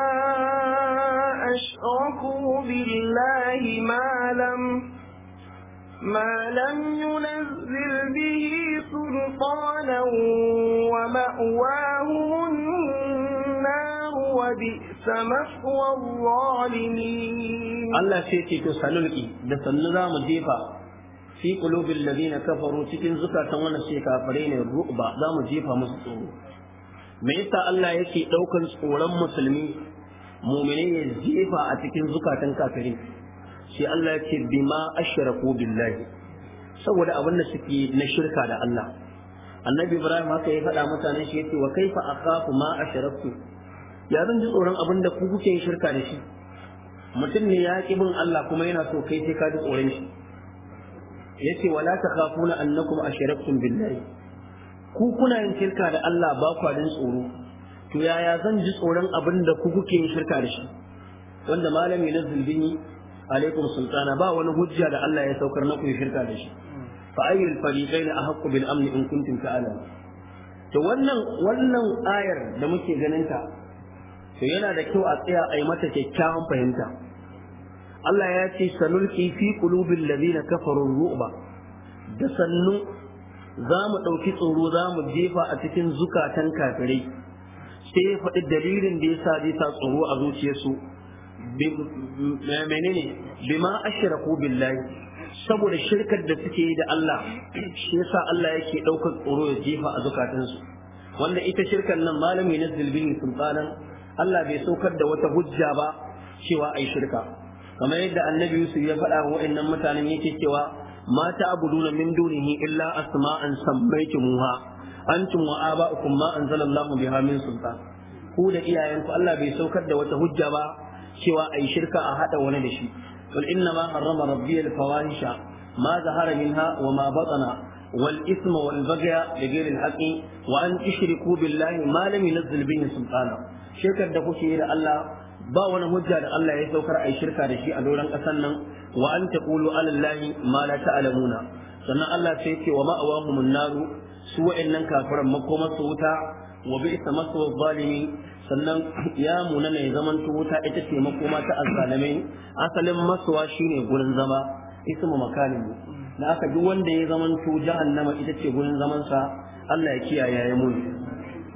C: أشركوا بالله ما لم ما لم ينزل به سلطانا ومأواهم النار وبئس Allah
B: sai ce to sanul da sannu za mu jefa fi qulubil ladina kafaru cikin zukatan wannan sai kafare ne ru'ba za mu jefa musu tsoro me yasa Allah yake ɗaukar tsoron musulmi mu'mini ya jefa a cikin zukatan kafirin sai Allah yake bima ko billahi saboda abin da suke na shirka da Allah annabi ibrahim haka ya faɗa mutanen shi yake wa kaifa kafu ma ashraktu ya zan ji tsoron abin da ku kuke yin shirka da shi mutum ne ya ƙi bin Allah kuma yana so kai sai ka ji tsoron shi yace wala takhafuna annakum asharaktum billahi ku kuna yin shirka da Allah ba ku jin tsoro to yaya zan ji tsoron abin da ku kuke yin shirka da shi wanda malami na zulbini alaikum sultana ba wani hujja da Allah ya saukar na ku shirka da shi fa ayyul fariqain ahqqu bil amn in kuntum ta'lamun to wannan wannan ayar da muke ganin ta to yana da kyau a tsaya a yi mata kyakkyawan fahimta Allah ya ce sanulki fi qulubil ladina kafaru ru'ba da sannu za mu ɗauki tsoro za mu jefa a cikin zukatan kafirai sai ya faɗi dalilin da ya sa zai sa tsoro a zuciyarsu menene bima ashraku billahi saboda shirkar da suke yi da Allah shi yasa Allah yake ɗaukar tsoro ya jefa a zukatansu wanda ita shirkar nan malami na zilbin sultanan Allah bai saukar da wata hujja ba cewa ai shirka kamar yadda annabi Yusuf ya faɗa wa wa'annan mutanen yake cewa ma ta'buduna min dunihi illa asma'an sammaytumuha antum wa aba'ukum ma anzalallahu biha min sultan ku da iyayenku Allah bai saukar da wata hujja ba cewa ai shirka a hada wani da shi qul inna ma harrama rabbi al-fawahisha ma zahara minha wa ma batana والإثم والبغي لغير الحق وأن تشركوا بالله ما لم ينزل به سلطانا shirkar da kuke yi da Allah ba wani hujja da Allah ya saukar a shirka da shi a doron ƙasar nan wa an taqulu ala allahi ma la ta'lamuna sannan Allah sai ce wa ma'awahumun naru su wa'annan kafiran makomar su wuta wa bi'sa masu zalimi sannan ya muna ya zaman wuta ita ce makoma ta azzalimai asalin masuwa shine gurin zama ismu makanin na aka duk wanda ya zaman su jahannama ita ce gurin zamansa, Allah ya kiyaye ya mun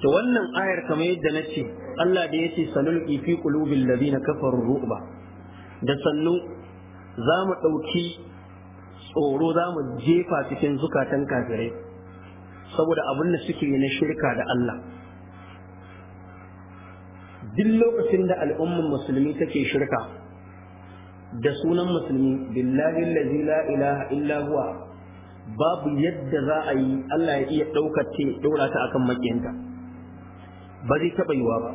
B: to wannan ayar kamar yadda nace Allah da yace sanul fi qulubil ladina kafaru ru'ba da sannu za mu ɗauki tsoro za mu jefa cikin zukatan kafirai saboda abin da suke na shirka da Allah duk lokacin da al'ummar musulmi take shirka da sunan musulmi billahi allazi la ilaha illa huwa babu yadda za a yi Allah ya iya ɗaukar ce ɗora ta akan makiyanta ba zai taɓa yiwa ba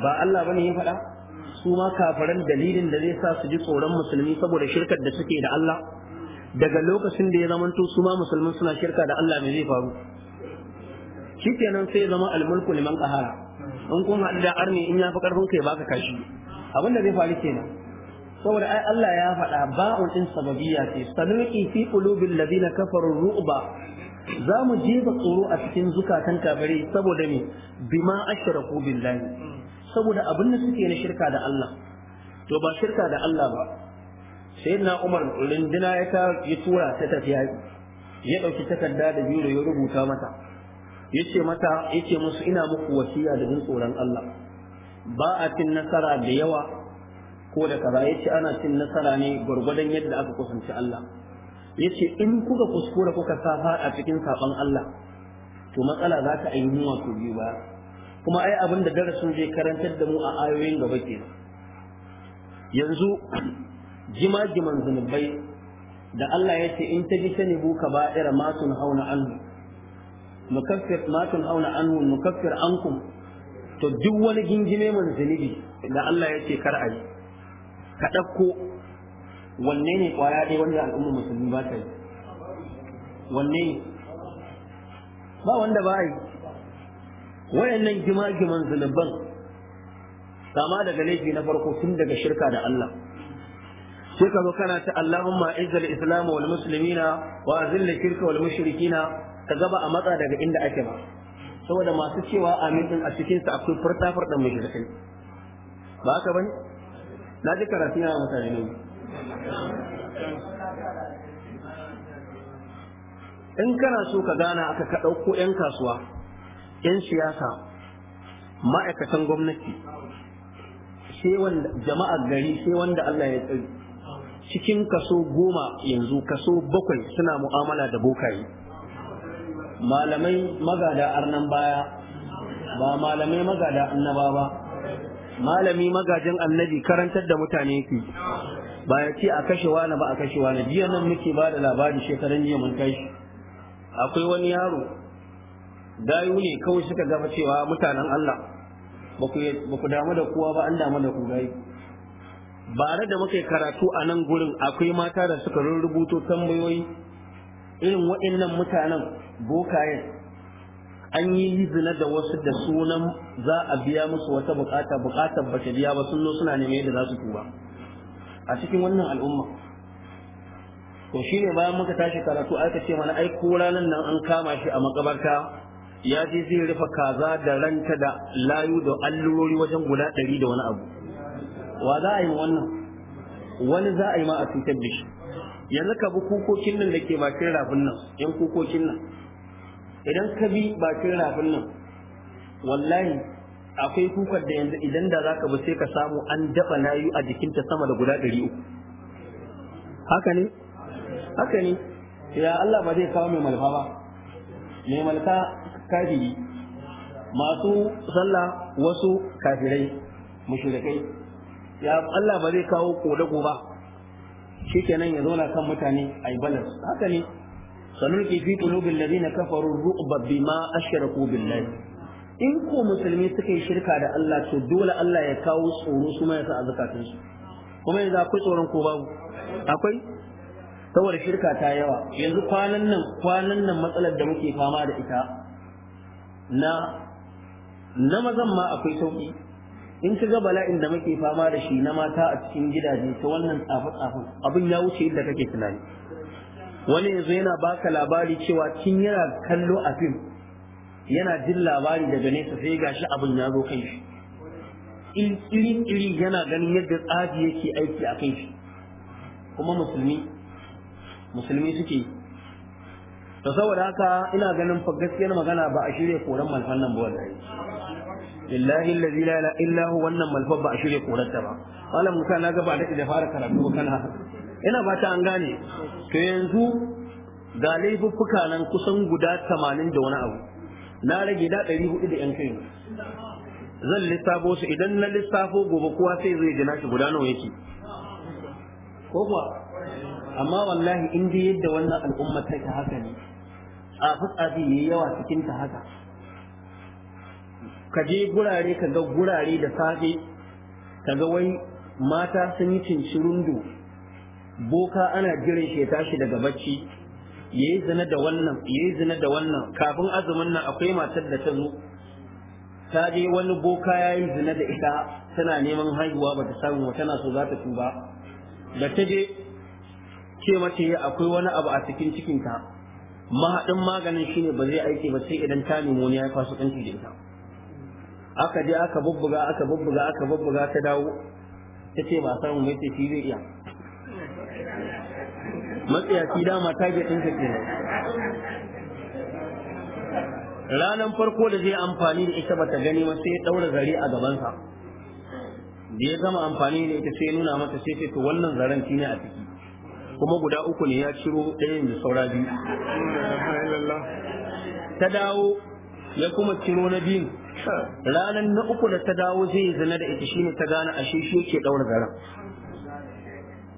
B: ba Allah bane ya faɗa su ma kafaran dalilin da zai sa su ji tsoron musulmi saboda shirkar da suke da Allah daga lokacin da ya zamanto su ma musulmin suna shirka da Allah me zai faru shikenan sai zama almulku liman qahara in kun haɗu da arni in ya fi karfin kai baka kashi abin da zai faru kenan saboda ai Allah ya faɗa ba'un din sababiyya ce sanuki fi qulubil ladina kafaru ru'ba za mu jefa tsoro a cikin zukatan kabari saboda ne bima ashraku billahi saboda abin da suke na shirka da Allah to ba shirka da Allah ba sai na Umar rundina ya ta ya tura ta tafiya ya dauki takarda da biyu ya rubuta mata yace mata yace musu ina muku wasiya da jin tsoron Allah ba a cin nasara da yawa ko da kaza yace ana cin nasara ne gwargwadon yadda aka kusanci Allah yace in kuka kuskura kuka safa a cikin saban Allah to matsala za ta ainihin ku biyu ba kuma ai abin da darasin zai karantar da mu a ayoyin gaba ke yanzu jima-jiman zunubai da Allah ya ce in ta ji sani buka ba'ira matun hauna anhu mukaffir matun hauna anhu mukaffir ankum to duk wani gingime mun zunubi da Allah ya ce kar a yi ka ɗauko wanne ne kwaya ɗaya wanda al'umma musulmi ba ta yi wanne ba wanda ba yi wayannan gima-giman zunuban kama daga laifi na farko tun daga shirka da Allah sai ka zo kana ta Allahumma izzal islam wal muslimina wa azil shirka wal mushrikina ka gaba a matsa daga inda ake ba saboda masu cewa amin din a cikin sa akwai furta furdan mushrikin ba haka bane na ji karatu na mutane ne in kana so ka gana aka ka ɗauko 'yan kasuwa 'yan siyasa ma'aikatan gwamnati sai wanda jama'ar gari sai wanda Allah ya tsari cikin kaso goma yanzu kaso bakwai suna mu'amala da bokaye malamai magada arnan baya ba malamai magada annaba ba malami magajin annabi karantar da mutane yake ba ya ce a kashe wani ba a kashe wani jiya nan muke ba da labari shekaran jiya mun kai akwai wani yaro dayu ne kawai suka gama cewa mutanen Allah ba ku damu da kowa ba an damu da ku Ba bare da muka karatu a nan gurin akwai mata da suka rubuto tambayoyi irin waɗannan mutanen bokayen an yi zina da wasu da sunan za a biya musu wata bukata bukatar ba ta biya ba sun suna neman yadda za su tuba a cikin wannan al'umma to shine bayan muka tashi karatu aka ce mana ai ranar nan an kama shi a makabarta ya je zai rufe kaza da ranta da layu da allurori wajen guda ɗari da wani abu wa za a yi wannan wani za a yi ma a cutar da shi yanzu ka bi kukokin nan da ke bakin rafin nan yan kukokin nan idan ka bi bakin rafin nan wallahi akwai kukar da yanzu idan da za ka bi sai ka samu an dafa layu a jikinta sama da guda ɗari uku haka ne haka ne ya Allah ba zai kawo mai malfa ba mai malfa kafiri masu sallah wasu kafirai mushrikai ya Allah ba zai kawo kodago ba shikenan ya zauna kan mutane a balas haka ne sanulki fi qulubil ladina kafaru ru'ba bima ashraku billahi in ko musulmi suka yi shirka da Allah to dole Allah ya kawo tsoro su ma ya sa su, kuma yanzu akwai tsoron ko babu akwai saboda shirka ta yawa yanzu kwanan nan kwanan nan matsalar da muke fama da ita na na mazan ma akwai sauki in ka ga bala'in da muke fama da shi na mata a cikin gidaje ta wannan tsafe abin ya wuce inda kake tunani wani yanzu yana baka labari cewa kin yana kallo a fim yana jin labari daga nesa sai gashi abin ya zo kan shi irin iri yana ganin yadda tsafi yake aiki a kan shi kuma musulmi musulmi suke to saboda haka ina ganin fa gaskiyar magana ba a shirye koran malfan nan ba wallahi allazi la ilaha illa huwa wannan malfan ba a shirye koran ta ba malam musa na gaba da da fara karatu kana ina ba ta an gane to yanzu ga laifuffuka nan kusan guda 80 da wani abu na rage da 400 da yan kai zan lissafo su idan na lissafo gobe kowa sai zai gina shi guda nawa yake ko kuwa amma wallahi in yadda wannan al'umma take haka ne A tsafi ya yi yawa cikin ta haka ka je gurare ka ga gurare da safe ka ga wai mata sun yi cincirundu boka ana jiran shi tashi daga bacci ya yi zina da wannan ya zina da wannan kafin azumin nan akwai matar da ta zo ta je wani boka ya yi zina da ita tana neman haihuwa ba ta samu tana so za ta tuba da ta je ce mace akwai wani abu a cikin cikinta mahaɗin maganin shine ba zai aiki ba sai idan ta nimoni ya kwaso kanci da ita aka je aka bubbuga aka bubbuga aka bubbuga ta dawo ta ce ba samu mai ce shi zai iya
A: matsayaci dama target ɗinsa ke nan
B: ranar farko da zai amfani da ita ba ta gani ba sai ya ɗaura zare a gabansa da ya zama amfani da ita sai nuna mata sai ce to wannan zaren shi ne a ciki kuma guda uku ne ya ciro ɗaya da saura biyu ta dawo ya kuma ciro na biyu ranar na uku da ta dawo zai zana da ita shine ta gane ashe shi yake daura garan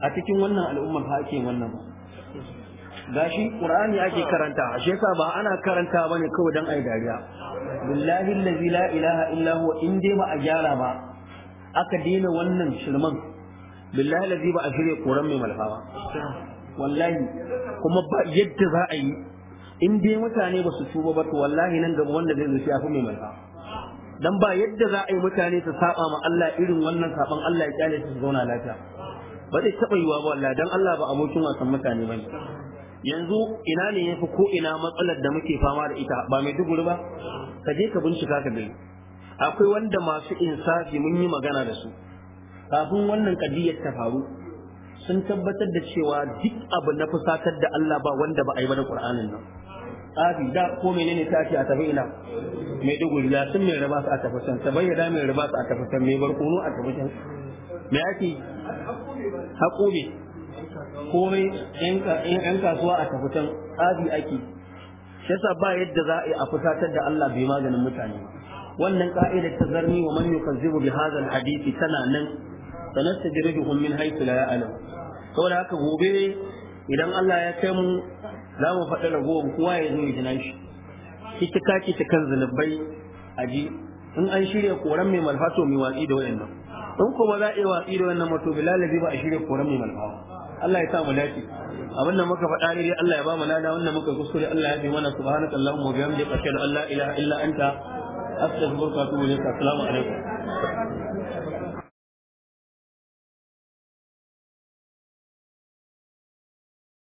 B: a cikin wannan al'ummar ha ake wannan ba gashi qur'ani ake karanta ashe sa ba ana karanta ne kawai dan ai dariya billahi la ilaha illa huwa in dai ba a gyara ba aka daina wannan shirman billahi lazi ba a shirya koran mai malfa ba wallahi kuma ba yadda za a yi in dai mutane ba su tuba ba to wallahi nan gaba wanda zai zuci yafi mai malfa dan ba yadda za a yi mutane su saba ma Allah irin wannan saban Allah ya kyale su zauna lafiya ba zai taba yiwa ba wallahi dan Allah ba abokin wasan mutane bane yanzu ina ne yafi ko ina matsalar da muke fama da ita ba mai duguri ba ka je ka bincika ka gani akwai wanda masu insafi mun yi magana da su kafin wannan kadiyar ta faru sun tabbatar da cewa duk abu na fusatar da Allah ba wanda ba a yi ba da Qur'anin nan tsafi da ko menene tashi a tafi ina mai duguri da sun mai raba su a tafi can sabai da mai raba su a tafi can mai barkono a tafi can me ake haƙobe komai yan kasuwa a tafi can ake yasa ba yadda za a yi a fusatar da Allah bai maganin mutane wannan ka'idar ta zarni wa man yukazzibu bi hadha al tana nan sanastajriduhum min haythu la ya'lam saboda haka gobe idan Allah ya kai mu za mu faɗi ragowar kowa ya zo ya jina shi kitika kitikan zunubai a ji in an shirya koran mai malfato mai watsi da wayannan in kuma za a iya watsi da wannan mato bilalabi ba a shirya koran mai malfato Allah ya sa mu dace abin da muka faɗa ne Allah ya ba mu lada wannan muka kuskure Allah ya bi mana subhanaka allahumma wa bihamdika ashhadu an la ilaha illa anta astaghfiruka wa atubu ilaik assalamu
A: alaikum